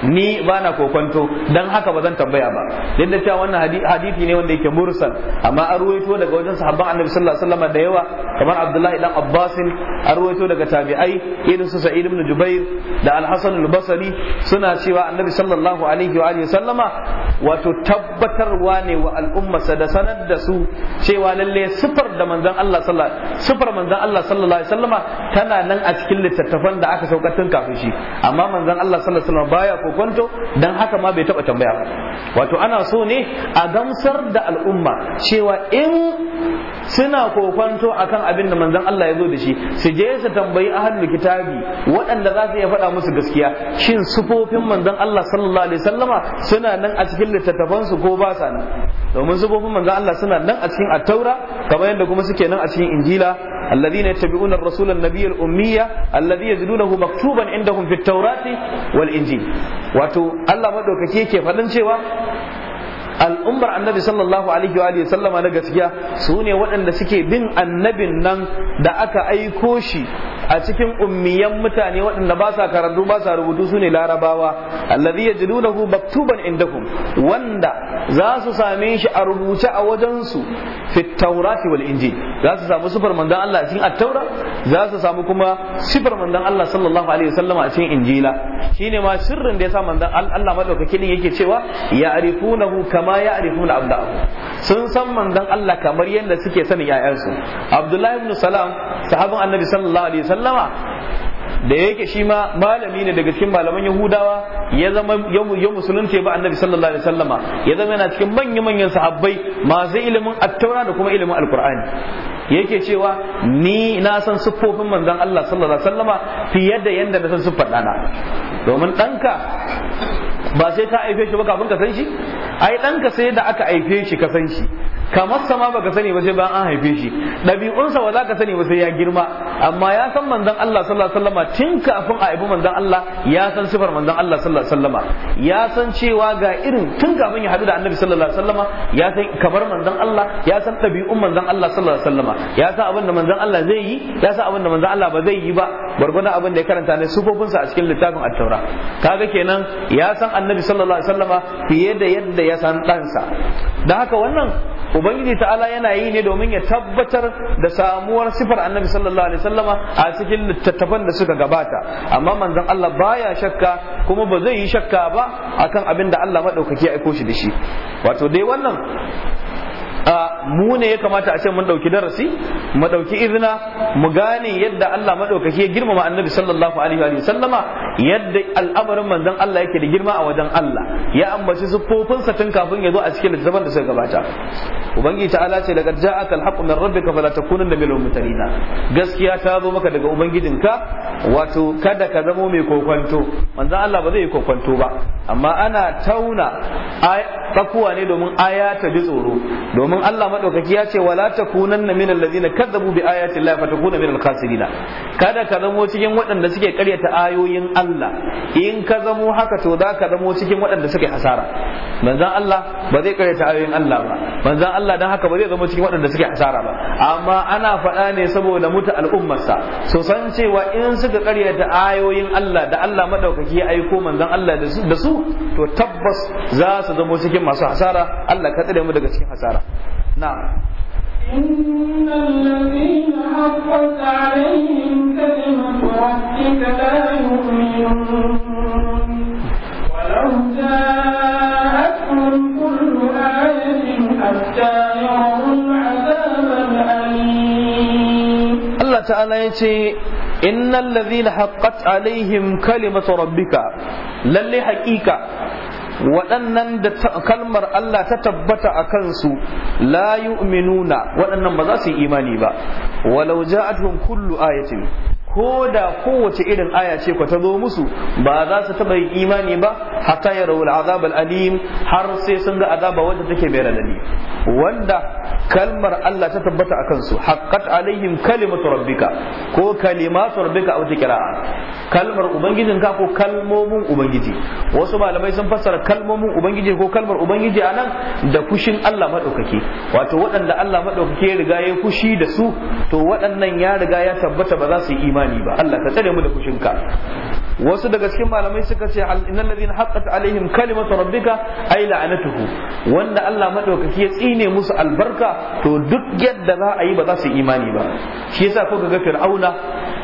ni bana kokonto dan haka ba zan tambaya ba dan da cewa wannan hadisi ne wanda yake mursal amma an ruwaito daga wajen sahabban annabi sallallahu alaihi wasallam da yawa kamar abdullahi dan abbas an ruwaito daga tabi'ai irin su sa'id ibn da al-hasan suna cewa annabi sallallahu alaihi wa sallama wato wa al'umma da sanar da su cewa lalle sifar da manzon Allah sallallahu sifar manzon Allah sallallahu alaihi wasallama tana nan a cikin littattafan da aka saukar tun kafin shi amma manzon Allah sallallahu alaihi wasallama baya kokonto dan haka ma bai taba tambaya ba. wato ana so ne a gamsar da al'umma cewa in suna kokwanto akan abin da manzon Allah ya zo da shi su je su tambayi ahlul kitabi waɗanda za su iya faɗa musu gaskiya shin sufofin manzon Allah sallallahu alaihi wasallama suna nan a cikin littattafan su ko ba sa nan domin sufofin manzon Allah suna nan a cikin at-taura kamar yadda kuma suke nan a cikin injila الذين يتبعون الرسول النبي الأمية الذي يجدونه مكتوبا عندهم في التوراة والإنجيل واتو الله مدوك كيكي فلنشوا al'ummar annabi sallallahu alaihi wa alihi sallama na gaskiya su ne waɗanda suke bin annabin nan da aka aiko shi a cikin ummiyan mutane waɗanda ba sa karatu ba sa rubutu su ne larabawa allazi yajidunahu maktuban indakum wanda za su same shi a rubuce a wajen su fit taurati wal injil za su samu sifar manzon Allah a cikin at-taura za su samu kuma sifar manzon Allah sallallahu alaihi wasallama a cikin injila shine ma sirrin da yasa manzon Allah madaukaki din yake cewa ya'rifunahu kama ma ya arifuna sun san manzon Allah kamar yadda suke sanin yayansu. Abdullahi ibn Salam sahabin Annabi sallallahu alaihi wasallama da yake shi ma malami ne daga cikin malaman Yahudawa ya zama ya musulunce ba Annabi sallallahu alaihi wasallama ya zama yana cikin manya-manyan sahabbai masu ilimin at da kuma ilimin al yake cewa ni na san siffofin manzon Allah sallallahu alaihi wasallama fiye da yanda na san siffar dana domin danka ba sai ta haife shi ba kafin ka san shi ai ɗanka sai da aka haife shi ka san shi kamar sama baka sani ba sai ba an haife shi ɗabi'unsa ba za ka sani ba sai ya girma amma ya san manzon Allah sallallahu alaihi wasallam tun kafin a ibu manzon Allah ya san sifar manzon Allah sallallahu alaihi wasallam ya san cewa ga irin tun kafin ya hadu da annabi sallallahu alaihi wasallam ya san kamar manzon Allah ya san ɗabi'un manzon Allah sallallahu alaihi wasallam ya san abin da manzon Allah zai yi ya san abin da manzon Allah ba zai yi ba gwargwadon abin da ya karanta ne sa a cikin littafin at-taura kaga kenan ya san annabi sallallahu alaihi wasallam fiye da yadda ya san ɗansa da haka wannan ubangiji ta'ala yana yi ne domin ya tabbatar da samuwar sifar annabi sallallahu alaihi sallama a cikin littattafan da suka gabata amma manzon Allah baya shakka kuma ba zai yi shakka ba akan abin da Allah madaukaki ya aiko shi da shi wato dai wannan mu ne ya kamata a ce mun ɗauki darasi mu ɗauki izina mu gane yadda Allah maɗaukaki ya girmama annabi sallallahu alaihi wa sallama yadda al'amarin manzon Allah yake da girma a wajen Allah ya ambaci sa tun kafin ya zo a cikin littafin da suka gabata ubangiji ta'ala ce daga ja'aka alhaqqu min rabbika fala takunanna minal mumtarina gaskiya ta zo maka daga ka wato kada ka zamo mai kokwanto manzon Allah ba zai yi kokwanto ba amma ana tauna tsakuwa ne domin aya ta ji tsoro domin domin Allah madaukaki ya ce wala takunanna minal ladina kadzabu bi ayati llahi fatakuna minal khasirin kada ka zamo cikin waɗanda suke karyata ayoyin Allah in ka zamo haka to za ka zamo cikin waɗanda suke hasara manzon Allah ba zai karyata ayoyin Allah ba manzon Allah dan haka ba zai zamo cikin waɗanda suke hasara ba amma ana faɗa ne saboda mutu al'ummarsa so san cewa in suka karyata ayoyin Allah da Allah madaukaki ya aiko manzon Allah da su to tabbas za su zamo cikin masu hasara Allah ka tsare mu daga cikin hasara نعم إن الذين حقت عليهم كلمة ربك لا يؤمنون ولو جاءتهم كل آية حتى يروا العذاب الأليم الله تعالى يتي إن الذين حقت عليهم كلمة ربك للي حقيقة waɗannan da kalmar Allah ta tabbata a kansu la yu'minuna waɗannan ba za su yi imani ba walau ja'atuhum kullu ayatin ko da kowace irin aya ce ku ta zo musu ba za su taɓa yin imani ba hatta ya rawul azab alim har sai sun ga azaba wanda take mai radadi wanda kalmar Allah ta tabbata a kansu haqqat alaihim kalimatu rabbika ko kalimatu rabbika a wata kira'a kalmar ubangijin ka ko kalmomin ubangiji wasu malamai sun fassara kalmomin ubangiji ko kalmar ubangiji anan da kushin Allah madaukake wato waɗanda Allah madaukake ya riga ya kushi da su to waɗannan ya riga ya tabbata ba za su yi imani imani ba Allah ka tsare mu da kushinka wasu daga cikin malamai suka ce innal ladina haqqat alaihim kalimatu rabbika ay la'anatuhu wanda Allah madaukaki ya tsine musu albarka to duk yadda za a yi ba za su imani ba shi yasa ko ga fir'auna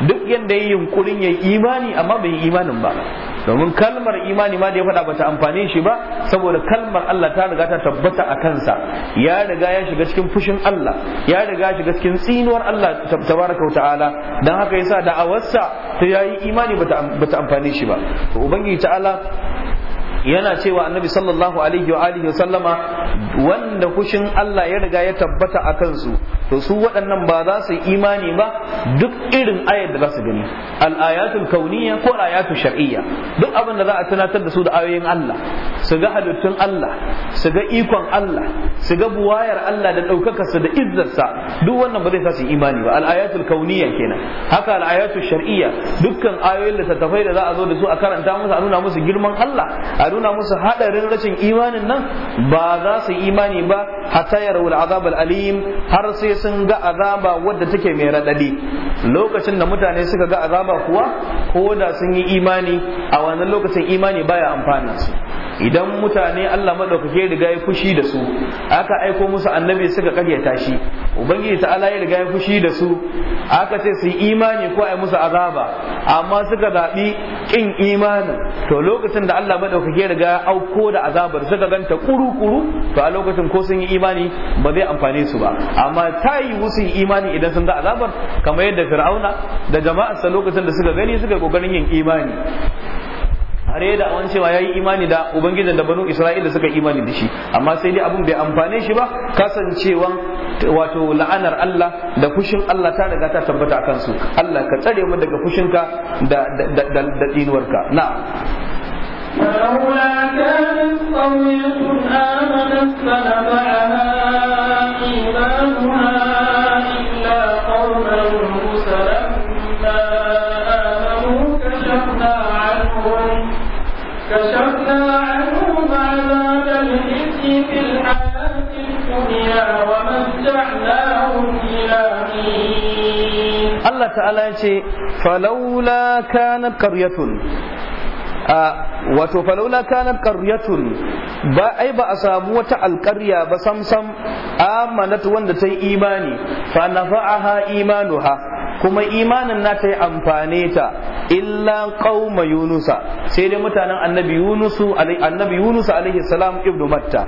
duk yadda yayi yunkurin yayi imani amma bai yi imanin ba domin kalmar imani ma da ya faɗa bata amfane shi ba saboda kalmar Allah ta riga ta tabbata a kansa ya riga ya shiga cikin fushin Allah ya riga ya shiga cikin tsinuwar Allah tabaraka wa ta'ala dan haka yasa da'awarsa ta yayi imani bata amfane shi ba to ubangiji ta'ala yana cewa annabi sallallahu alaihi wa alihi sallama wanda fushin Allah ya riga ya tabbata a kansu to su waɗannan ba za su yi imani ba duk irin ayar da za su gani al kauniya kauniyya ko ayatul shar'iyya duk abin da za a tunatar da su da ayoyin Allah su ga halittun Allah su ga ikon Allah su ga buwayar Allah da ɗaukakarsa da izzarsa duk wannan ba zai sa su imani ba al-ayatul kauniyya kenan haka al shar'iyya dukkan ayoyin littattafai da za a zo da su a karanta musu a nuna musu girman Allah a nuna musu hadarin rashin imanin nan ba za su imani ba hatta yarawul azab alim har sai sun ga azaba wadda take mai radadi lokacin da mutane suka ga azaba kuwa ko da sun yi imani a wannan lokacin imani baya amfana su idan mutane Allah madaukake riga ya fushi da su aka aiko musu annabi suka karyata shi ubangiji ta'ala ya riga ya fushi da su aka ce su imani ko ai musu azaba amma suka zaɓi kin imani to lokacin da Allah madaukake riga auko da azabar suka ganta kuru kuru to a lokacin ko sun yi imani ba zai amfane su ba amma ta musu su yi imani idan sun ga azabar kamar yadda fir'auna da jama'arsa lokacin da suka gani suka kokarin yin imani har yadda awan cewa ya yi imani da ubangijin da banu isra'ila suka imani da shi amma sai dai abun bai amfane shi ba kasancewan wato la'anar Allah da fushin Allah ta riga ta tabbata a su Allah ka tsare mu daga fushinka da da dinuwarka na'am ولولا كانت قرية آمنت فنبعها كشفنا عنهم عذاب الخزي في الحياة الدنيا ومتعناهم إلى حين الله تعالى يقول فلولا كانت Karyatun. wato falaula kanat karyatun ba ai ba a samu wata alƙarya ba samsam amanat wanda ta yi imani fa nafa'aha ha, kuma imanin na ta yi amfane ta illa qauma yunusa sai dai mutanen annabi yunusu annabi yunusa alaihi salam ibnu matta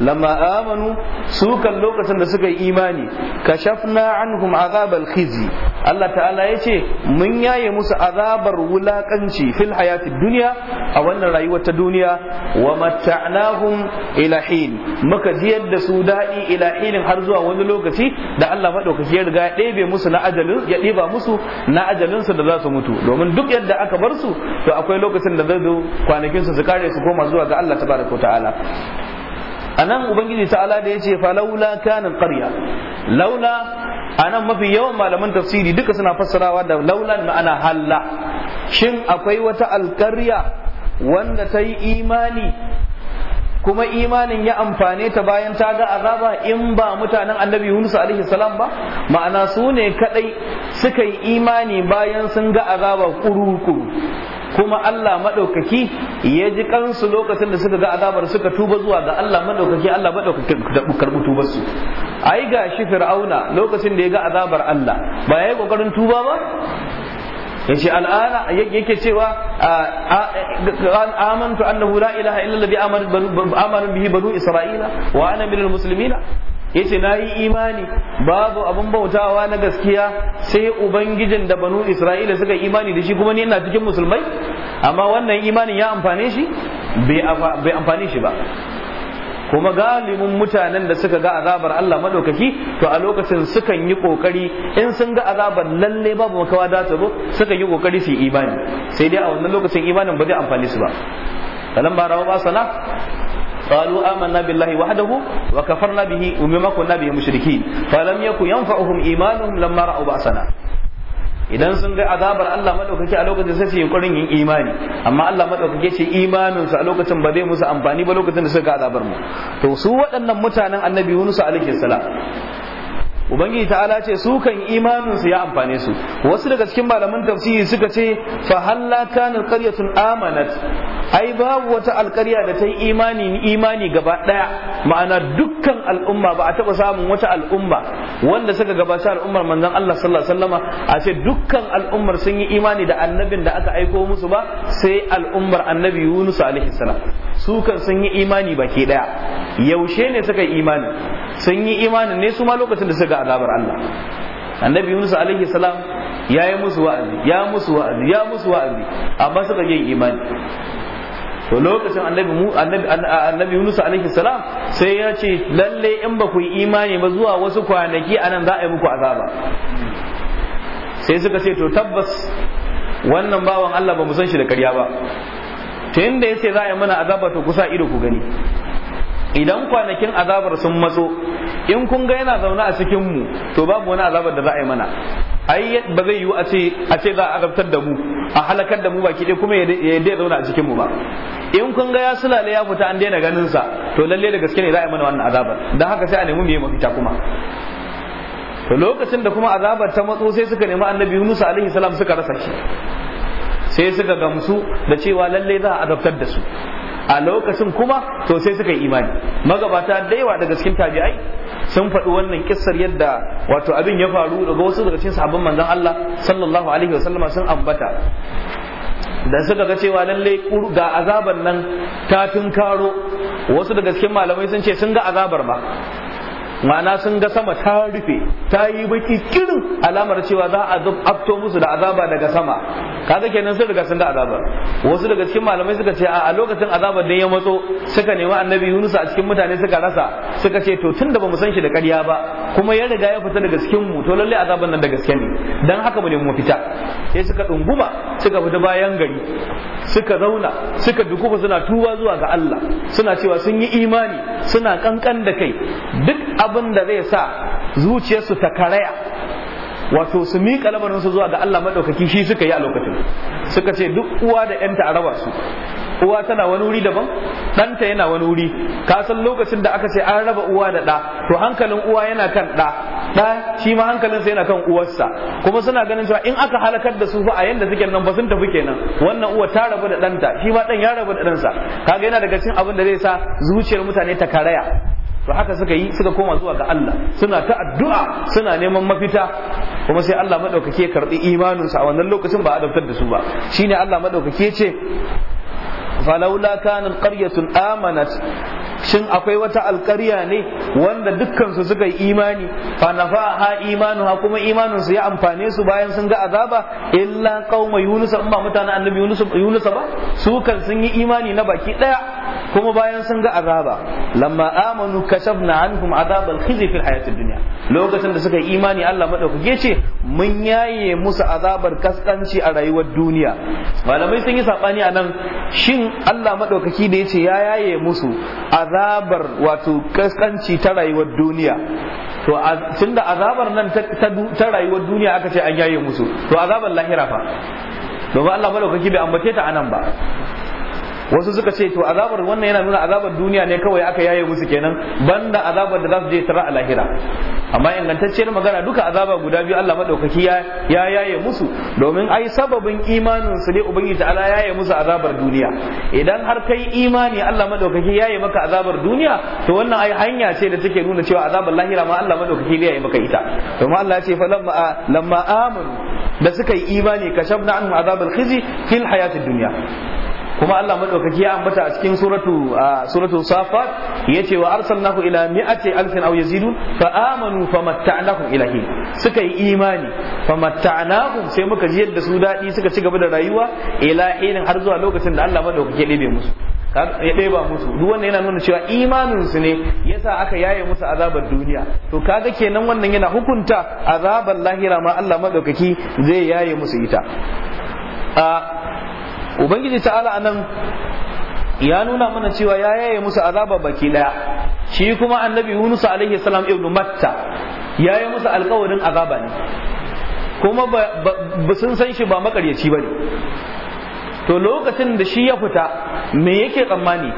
lamma amanu su lokacin da suka yi imani kashafna anhum azabal khizi Allah ta'ala ya ce mun yaye musu azabar wulakanci fil hayati duniya a wannan rayuwar ta duniya wa matanahum ila hin muka jiyar da su daɗi ila hinin har zuwa wani lokaci da Allah madaukaki ya riga ya ɗebe musu na ajalin ya ɗiba musu na ajalin da zasu mutu domin duk yadda aka barsu to akwai lokacin da zai zo kwanakin su su kare su koma zuwa ga Allah tabaraka ta'ala anan ubangiji ta'ala da yace fa laula kana qarya laula anan mafi yawan malaman tafsiri duka suna fassarawa da laulan ma'ana halla shin akwai wata alkarya wanda ta yi imani kuma imanin ya amfane ta bayan ta ga azaba in ba mutanen annabi Yunus alaihi salam ba ma'ana su ne kadai suka yi imani bayan sun ga azaba kuru. kuma Allah maɗaukaki ya ji kansu lokacin da suka ga azabar suka tuba zuwa ga Allah maɗaukaki Allah maɗaukaki karɓi tubarsu ai ga shi fir'auna lokacin da ya ga azabar Allah ba ya yi ƙoƙarin tuba ba yace al'ana yake cewa amantu annahu la ilaha illa alladhi amanu bihi banu isra'ila wa ana minal muslimina yace na yi imani babu abin bautawa na gaskiya sai ubangijin da banu isra'ila suka imani da shi kuma ni ina cikin musulmai amma wannan imanin ya amfane shi bai amfane shi ba kuma galibin mutanen da suka ga azabar Allah madaukaki to a lokacin sukan yi kokari in sun ga azabar lalle babu makawa da ta zo sukan yi kokari su imani sai dai a wannan lokacin imanin ba zai amfane su ba falan ba rawa ba sana قالوا آمنا بالله وحده وكفرنا به وبما كنا به مشركين فلم يكن ينفعهم إيمانهم لما رأوا بأسنا idan sun ga azabar Allah madaukake a lokacin sai su yunkurin yin imani amma Allah madaukake ce imanin su a lokacin ba zai musu amfani ba lokacin da suka ga azabar mu to su waɗannan mutanen annabi Yunus alaihi salam ubangiji ta'ala ce su kan imanin su ya amfane su wasu daga cikin malaman tafsiri suka ce fa halla kana qaryatun amanat ai babu wata alƙarya da ta yi imani imani gaba daya ma'ana dukkan al'umma ba a taba samun wata al'umma wanda suka gabata al'ummar manzon Allah sallallahu alaihi wasallama a ce dukkan al'ummar sun yi imani da annabin da aka aiko musu ba sai al'ummar annabi Yunus alaihi salam su kan sun yi imani baki daya yaushe ne suka yi imani sun yi imani ne su ma lokacin da suka azabar Allah annabi Musa alaihi salam ya yi musu wa'azi ya musu wa'azi ya musu wa'azi amma suka yi imani to lokacin annabi annabi Musa alaihi salam sai ya ce lalle in ba ku yi imani ba zuwa wasu kwanaki anan za a yi muku azaba sai suka ce to tabbas wannan bawan Allah ba mu san shi da ƙarya ba tun da yace za a yi mana azaba to kusa ido ku gani idan kwanakin azabar sun matso in kun ga yana zaune a cikin mu to babu wani azabar da za a yi mana ai ba zai yiwu a ce a ce za a azabtar da mu a halakar da mu baki ɗaya kuma ya dai zauna a cikin mu ba in kun ga ya sulale ya fita an daina ganin sa to lalle da gaske ne za a yi mana wannan azabar dan haka sai a nemi mu yi mafita kuma to lokacin da kuma azabar ta matso sai suka nemi annabi Musa alaihi salam suka rasa shi sai suka gamsu da cewa lalle za a azabtar da su a lokacin kuma to sai suka yi imani magabata da yawa daga cikin tabi'ai sun faɗi wannan kissar yadda wato abin ya faru daga wasu daga cikin sahabban manzon Allah sallallahu alaihi wasallama sun ambata da suka ga cewa lallai ga azabar nan ta tun karo wasu daga cikin malamai sun ce sun ga azabar ma ma'ana sun ga sama ta rufe ta yi baki kirin alamar cewa za a afto musu da azaba daga sama kaga kenan sun riga sun ga azabar wasu daga cikin malamai suka ce a lokacin azabar da ya matso suka nema annabi Yunus a cikin mutane suka rasa suka ce to tunda bamu san shi da ƙarya ba kuma ya riga ya fita daga cikin mu to lalle azaban nan da gaske ne dan haka mu nemi fita sai suka dunguma suka fita bayan gari suka zauna suka dukufa suna tuba zuwa ga Allah suna cewa sun yi imani suna kankan da kai duk abin da zai sa zuciyarsu ta karaya wato su miƙa lamarinsu zuwa ga Allah maɗaukaki shi suka yi a lokacin suka ce duk uwa da ‘yanta a raba su uwa tana wani wuri daban ɗanta yana wani wuri ka san lokacin da aka ce an raba uwa da ɗa to hankalin uwa yana kan ɗa ɗa shi ma hankalinsa yana kan uwarsa kuma suna ganin cewa in aka halakar da su fa a yanda suke nan ba sun tafi kenan wannan uwa ta rabu da ɗanta shi ma ɗan ya rabu da ɗansa kaga yana daga cikin abin da zai sa zuciyar mutane ta karaya to haka suka yi suka koma zuwa ga Allah suna ta addu'a suna neman mafita kuma sai Allah madaukake ya karbi imaninsu a wannan lokacin ba a adabtar da su ba shine Allah madaukake ce falaula kanat qaryatun amanat shin akwai wata alƙarya ne wanda dukkansu suka yi imani fa nafaha imanuha kuma su ya amfane su bayan sun ga azaba illa qauma yunus in ba mutanen annabi yunus yunus ba su kan sun yi imani na baki daya kuma bayan sun ga azaba lamma amanu kasabna anhum azab al-khizy fil hayatid dunya lokacin da suka yi imani Allah maɗaukaki ce mun yaye musu azabar kaskanci a rayuwar duniya malamai sun yi sabani anan shin Allah madaukaki da yace ya yaye musu azabar wato kaskanci ta rayuwar duniya to tunda azabar nan ta rayuwar duniya aka ce an yaye musu to azabar lahira fa domin Allah madaukaki bai ambace ta anan ba wasu suka ce to azabar wannan yana nuna azabar duniya ne kawai aka yaye musu kenan banda azabar da za su je tara a lahira amma ingantacciyar magana duka azaba guda biyu Allah madaukaki ya yaye musu domin ai sababin imanin su ne ubangiji ta'ala yaye musu azabar duniya idan har kai imani Allah madaukaki yaye maka azabar duniya to wannan ai hanya ce da take nuna cewa azabar lahira ma Allah madaukaki ne yaye maka ita domin Allah ya ce falamma lamma amanu da suka yi imani kashabna anhum azabal khizi fil hayatid dunya kuma Allah madaukaki ya ambata a cikin suratu suratu safat yace wa arsalnahu ila mi'ati alfin aw yazidun fa amanu famatta'nahum ila hin suka yi imani famatta'nahum sai muka ji yadda su dadi suka ci gaba da rayuwa ila hinin har zuwa lokacin da Allah madaukaki ya ɗebe musu ya ɗeba musu duk yana nuna cewa imaninsu ne yasa aka yaye musu azabar duniya to kaga kenan wannan yana hukunta azabar lahira ma Allah madaukaki zai yaye musu ita ubangiji ta'ala anan ya nuna mana cewa ya yaye musu azaba baki daya shi kuma annabi yunus alaihi salam ibnu matta ya yi musu alkawarin azaba ne kuma ba sun san shi ba makaryaci ba ne to lokacin da shi ya fita me yake tsammani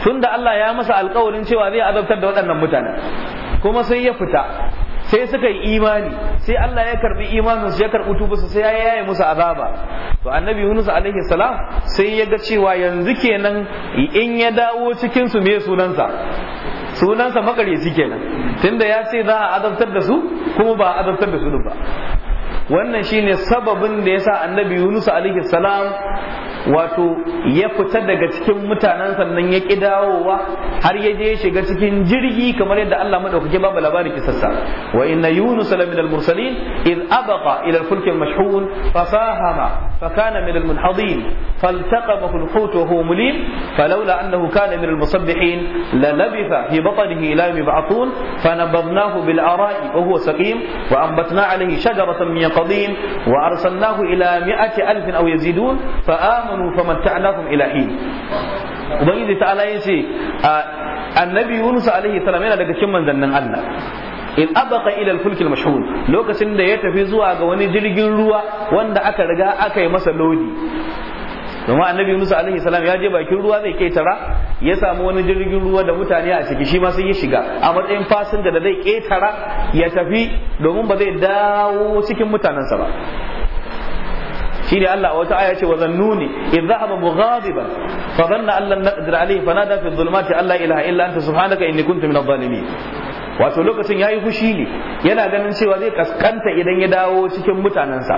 Tunda Allah ya masa alkawarin cewa zai azabtar da waɗannan mutanen kuma sai ya fita sai suka yi imani sai Allah ya karbi su ya karbi tubusu sai ya yaye musu azaba to annabi Yunus alaihi salam sai ya ga cewa yanzu kenan in ya dawo cikin su me sunansa sunansa su kenan tunda ya ce za a adabtar da su kuma ba a azabtar da su ba wannan shine sababin da yasa annabi Yunus alaihi salam wato ya fita daga cikin mutanen sannan ya ƙi dawowa har ya je shiga cikin jirgi kamar yadda Allah madaukake babu labarin kisassa wa inna yunus la minal mursalin id abaqa ila al fulk al mashhun fa sahama fa kana min al munhadin faltaqamahu al hut wa huwa mulim falawla annahu kana min al musabbihin la labitha fi batnihi ila yawm yub'athun fanabadnahu bil ara'i wa huwa saqim wa ambatna alayhi shajaratan min قديم وأرسلناه إلى مئة ألف أو يزيدون فآمنوا فمتعناهم إلى حين ubangiji ta ala yace annabi yunus alaihi salam yana daga cikin manzannin Allah in abaka ila al-fulk mashhur lokacin da ya tafi zuwa ga wani jirgin ruwa wanda aka riga aka yi masa lodi domin annabi yunus alaihi salam ya je bakin ruwa zai kai tara ya samu wani jirgin ruwa da mutane a ciki shi ma sun yi shiga a matsayin fasinja da zai ƙetara ya tafi domin ba zai dawo cikin mutanensa ba shine Allah wata aya ce wa zannuni idh ba mughadiban fa dhanna an lan naqdir alayhi fanada fi dhulumati alla ilaha illa anta subhanaka inni kuntu minadh zalimin wato lokacin yayi fushi ne yana ganin cewa zai kaskanta idan ya dawo cikin mutanensa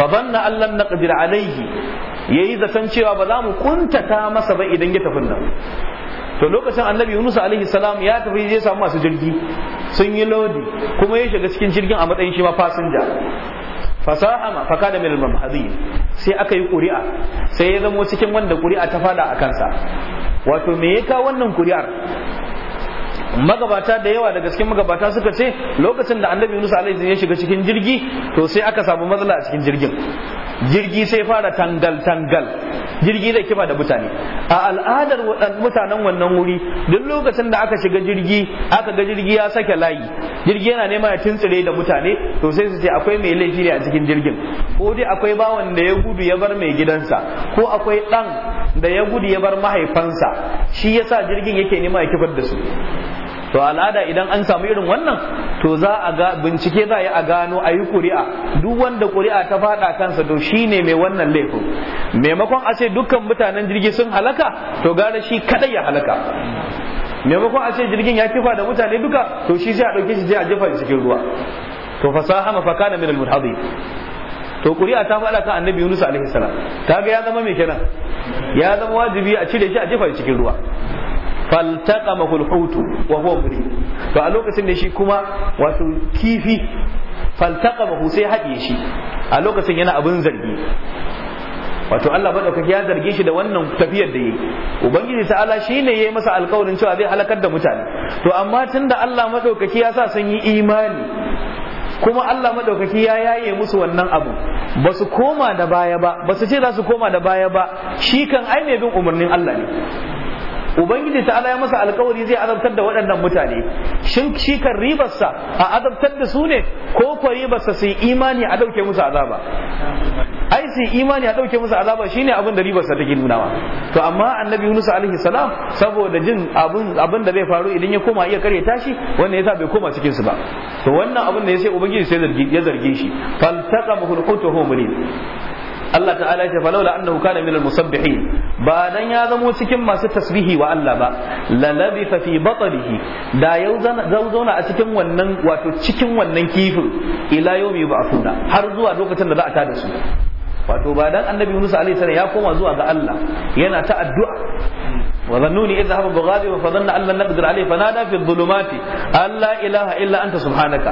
fa dhanna an lan naqdir alaihi. yayi zaton cewa ba za mu kuntata masa ba idan ya tafi nan to lokacin annabi Yunus alaihi salam ya tafi je samu masu jirgi sun yi lodi kuma ya shiga cikin jirgin a matsayin shi ma fasinja fasahama fakada min al-mamhazi sai aka yi ƙuri'a sai ya zama cikin wanda kuri'a ta fada a kansa wato me ya kawo wannan kuri'ar magabata da yawa daga cikin magabata suka ce lokacin da annabi Musa alaihi ya shiga cikin jirgi to sai aka samu matsala a cikin jirgin jirgi sai fara tangal tangal jirgi zai kiba da mutane a al'adar mutanen wannan wuri duk lokacin da aka shiga jirgi aka ga jirgi ya sake layi jirgi yana nema ya tintsire da mutane to sai su ce akwai mai laifi ne a cikin jirgin ko dai akwai bawan da ya gudu ya bar mai gidansa ko akwai dan da ya gudu ya bar mahaifansa shi yasa jirgin yake nema ya kifar da su to al'ada idan an samu irin wannan to za a ga bincike za a yi a gano a yi ƙuri'a duk wanda ƙuri'a ta faɗa kansa to shine mai wannan laifin maimakon a ce dukkan mutanen jirgi sun halaka to gara shi kadai ya halaka maimakon a ce jirgin ya kifa da mutane duka to shi sai a ɗauke shi sai a jefa cikin ruwa to fasaha mafakana min al muhadhi to kuri'a ta faɗa kan annabi Yunus alaihi salam kaga ya zama mai kenan ya zama wajibi a cire shi a jefa cikin ruwa mahul hutu wa huwa muri to a lokacin da shi kuma wato kifi mahu sai haɗiye shi a lokacin yana abin zargi wato Allah madaukaki ya zarge shi da wannan tafiyar da yayi ubangiji ta'ala shine yayi masa alƙawarin cewa zai halakar da mutane to amma tunda Allah madaukaki ya sa sun yi imani kuma Allah madaukaki ya yaye musu wannan abu ba su koma da baya ba ba su ce za su koma da baya ba shi kan ai bin umarnin Allah ne ubangiji ta ya masa alkawari zai azabtar da waɗannan mutane shin shi kan ribarsa a azabtar da su ne ko ko ribarsa su yi imani a ɗauke musu azaba ai su yi imani a ɗauke musu azaba shine abin da ribarsa take nunawa to amma annabi Yunus alaihi salam saboda jin abin abin da zai faru idan ya koma iya kare tashi wannan yasa bai koma cikin su ba to wannan abin da ya sai ubangiji sai ya zargi shi faltaqamahu al-qutuhu Allah ta'ala ya falawla annahu kana min al-musabbihin ba dan ya zamo cikin masu tasbihi wa Allah ba la labitha fi batnihi da yau zauna a cikin wannan wato cikin wannan kifin ila yawmi ba'thuna har zuwa lokacin da za a tada su wato ba dan annabi Yunus alaihi salam ya koma zuwa ga Allah yana ta addu'a wa zannuni idh dhahaba mughadiban fa dhanna an lan naqdir alaihi fa nada fi dhulumati alla ilaha illa anta subhanaka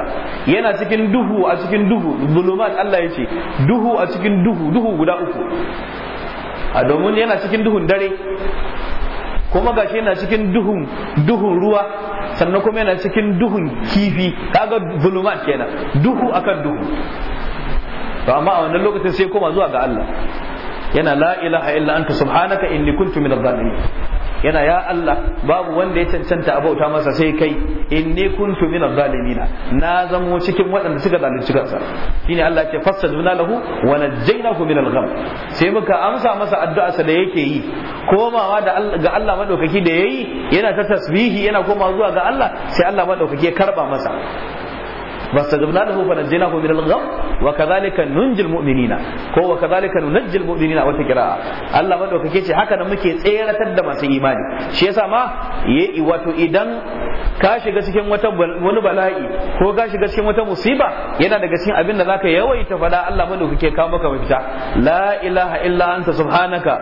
yana cikin duhu a cikin duhu dhulumat Allah yace duhu a cikin duhu duhu guda uku a domin yana cikin duhun dare kuma gashi yana cikin duhun duhun ruwa sannan kuma yana cikin duhun kifi kaga zulumat kenan duhu akan duhu to amma a wannan lokacin sai koma zuwa ga Allah yana la ilaha illa anta subhanaka inni kuntu minadh zalimin yana ya Allah babu wanda ya cancanta abauta masa sai kai inni kuntu min zalimina na zamo cikin waɗanda suka zalunci kansa shine Allah ce fastajibna lahu wa najjaynahu min al-gham sai muka amsa masa addu'arsa da yake yi komawa da ga Allah madaukaki da yayi yana ta tasbihi yana komawa zuwa ga Allah sai Allah madaukaki ya karba masa فاستجبنا له فنجيناه من الغم وكذلك ننجي المؤمنين كو وكذلك ننجي المؤمنين وتكرا الله ما دوك كيتي haka nan muke tseratar da masu imani shi yasa ma wato idan ka shiga cikin wata wani bala'i ko ka shiga cikin wata musiba yana daga cikin abin da zaka yawaita fada Allah ma dauke kawo maka mafita la ilaha illa anta subhanaka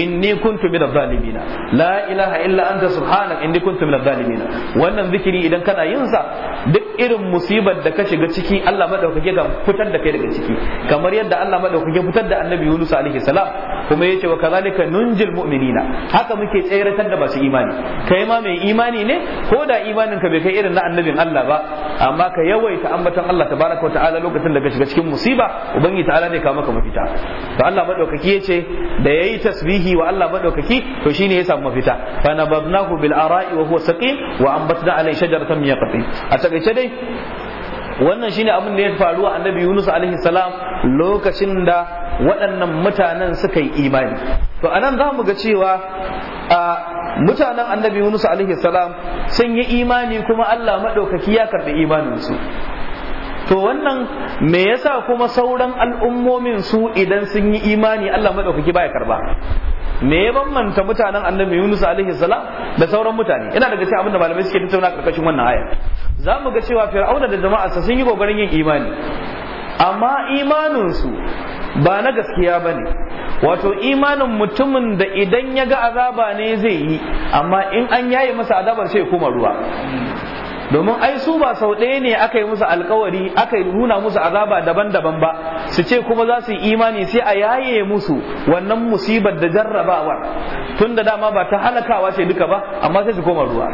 inni kuntu minadh zalimin la ilaha illa anta subhanaka inni kuntu minadh zalimin wannan zikiri idan kana yin sa duk irin musibar da ka shiga ciki Allah madaukake ga fitar da kai daga ciki kamar yadda Allah madaukake fitar da Annabi Yunus alaihi salam kuma yace wa kazalika nunjil mu'minina haka muke tsayratar da masu imani kai ma mai imani ne ko da imanin ka bai kai irin na annabin Allah ba amma ka yawaita ambaton Allah tabaraka wa ta'ala lokacin da ka shiga cikin musiba Ubangi ta'ala ne ka maka mafita to Allah madaukaki yace da yayi tasbihi wa Allah madaukaki to shine ya samu mafita fa nabadnahu bil ara'i wa huwa saqim wa ambatna alai shajaratan min yaqtin a takaice dai wannan shine abin da ya faru a annabi Yunus alaihi salam lokacin da waɗannan mutanen suka yi imani to anan za mu ga cewa a mutanen annabi Yunus alaihi salam sun yi imani kuma Allah maɗaukaki ya karɓi imaninsu to wannan me yasa kuma sauran al'ummomin su idan sun yi imani Allah maɗaukaki baya karba me ya bambanta mutanen annabi Yunus alaihi salam da sauran mutane ina daga cikin abin da malamai suke tattauna karkashin wannan aya za mu ga cewa fir'auna da jama'arsa sun yi kokarin yin imani amma imaninsu ba na gaskiya ba ne wato imanin mutumin da idan ya ga azaba ne zai yi amma in an yaye masa azabar sai kuma ruwa domin ai su ba sau ɗaya ne aka yi musu alkawari aka nuna musu azaba daban-daban ba su ce kuma za su yi imani sai a yaye musu wannan musibar da jarrabawar tun da dama ba ta halakawa ce duka ba amma sai su koma ruwa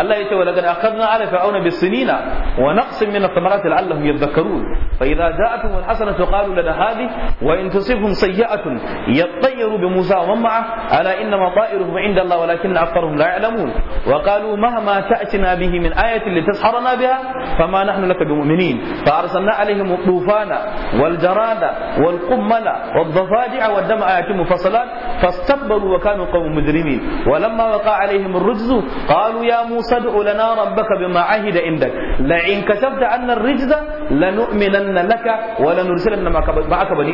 الله يتوى لقد أخذنا على فرعون بالسنين ونقص من الثمرات لعلهم يذكرون فإذا جاءتهم الحسنة قالوا لنا هذه وإن تصبهم سيئة يطيروا بموسى ومن معه ألا إنما طائرهم عند الله ولكن أكثرهم لا يعلمون وقالوا مهما تأتنا به من آية لتسحرنا بها فما نحن لك بمؤمنين فأرسلنا عليهم الطوفان والجراد والقمل والضفادع والدم آيات مفصلات فاستكبروا وكانوا قوم مجرمين ولما وقع عليهم الرجز قالوا يا موسى sad'u lana rabbaka bima ahida indak la in kasafta anna ar-rijza lanu'minanna laka wa lanursilanna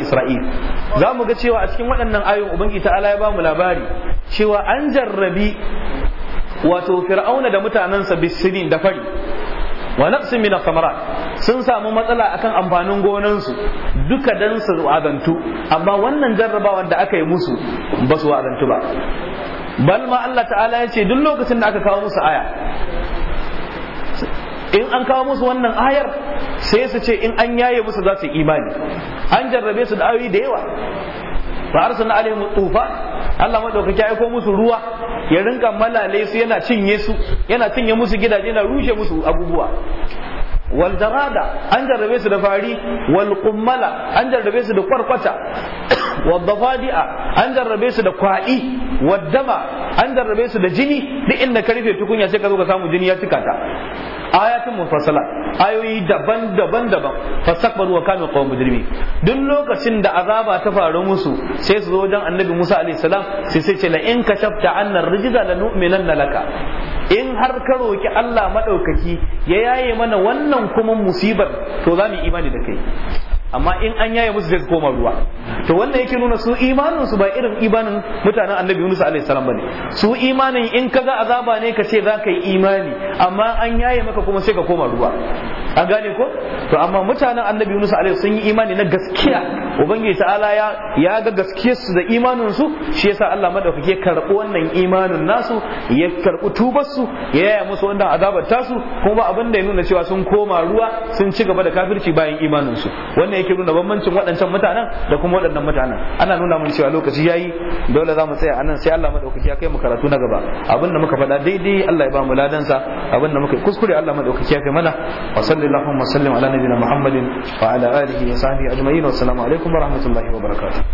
isra'il za mu ga cewa a cikin waɗannan ayoyin ubangiji ta'ala ya ba mu labari cewa an jarrabi wato fir'auna da mutanensa bisirin da fari wa nafsin min samara sun samu matsala akan amfanin gonansu duka dan su amma wannan jarrabawar da aka yi musu ba su wa'azantu ba bal ma Allah ta'ala ya ce duk lokacin da aka kawo musu aya in an kawo musu wannan ayar sai su ce in an yaye musu za su yi imani an jarrabe su da ayoyi da yawa fa arsalna alaihi tufa Allah madaukaki aiko musu ruwa ya rinka malale su yana cinye su yana cinye musu gidaje yana rushe musu abubuwa wal darada an jarrabe su da fari wal qummala an jarrabe su da kwarkwata wadafadi'a an jarrabe su da kwaɗi waddama an jarrabe su da jini duk inda ka rufe tukunya sai ka zo ka samu jini ya cika ta ayatun mufassala ayoyi daban-daban daban fastakbaru wa kanu qawm duk lokacin da azaba ta faru musu sai su zo wajen annabi Musa alaihi salam sai sai ce la in kashafta anna rijza lanu'minanna laka in har ka roki Allah madaukaki ya yaye mana wannan kuma musibar to za mu imani da kai amma in an yaye musu zai koma ruwa to wannan yake nuna su imanin su ba irin imanin mutanen annabi Yunus alaihi salam bane su imanin in kaga azaba ne ka ce za ka yi imani amma an yaye maka kuma sai ka koma ruwa an gane ko to amma mutanen annabi Yunus alaihi sun yi imani na gaskiya ubangiji ta'ala ya ya ga gaskiyar su da imanin su shi yasa Allah madaukake karbi wannan imanin nasu ya karbi tubar su ya yaya musu wannan azabar tasu kuma abin da ya nuna cewa sun koma ruwa sun ci gaba da kafirci bayan imanin su yake nuna bambancin waɗancan mutanen da kuma waɗannan mutanen ana nuna mun cewa lokaci yayi dole za mu tsaya anan sai Allah madaukaki ya kai mu karatu na gaba abinda muka faɗa daidai Allah ya ba mu ladan sa abinda muka kuskure Allah madaukaki ya kai mana wa sallallahu wa sallam ala nabiyina muhammadin wa ala alihi wa sahbihi ajma'in wa assalamu alaikum wa rahmatullahi wa barakatuh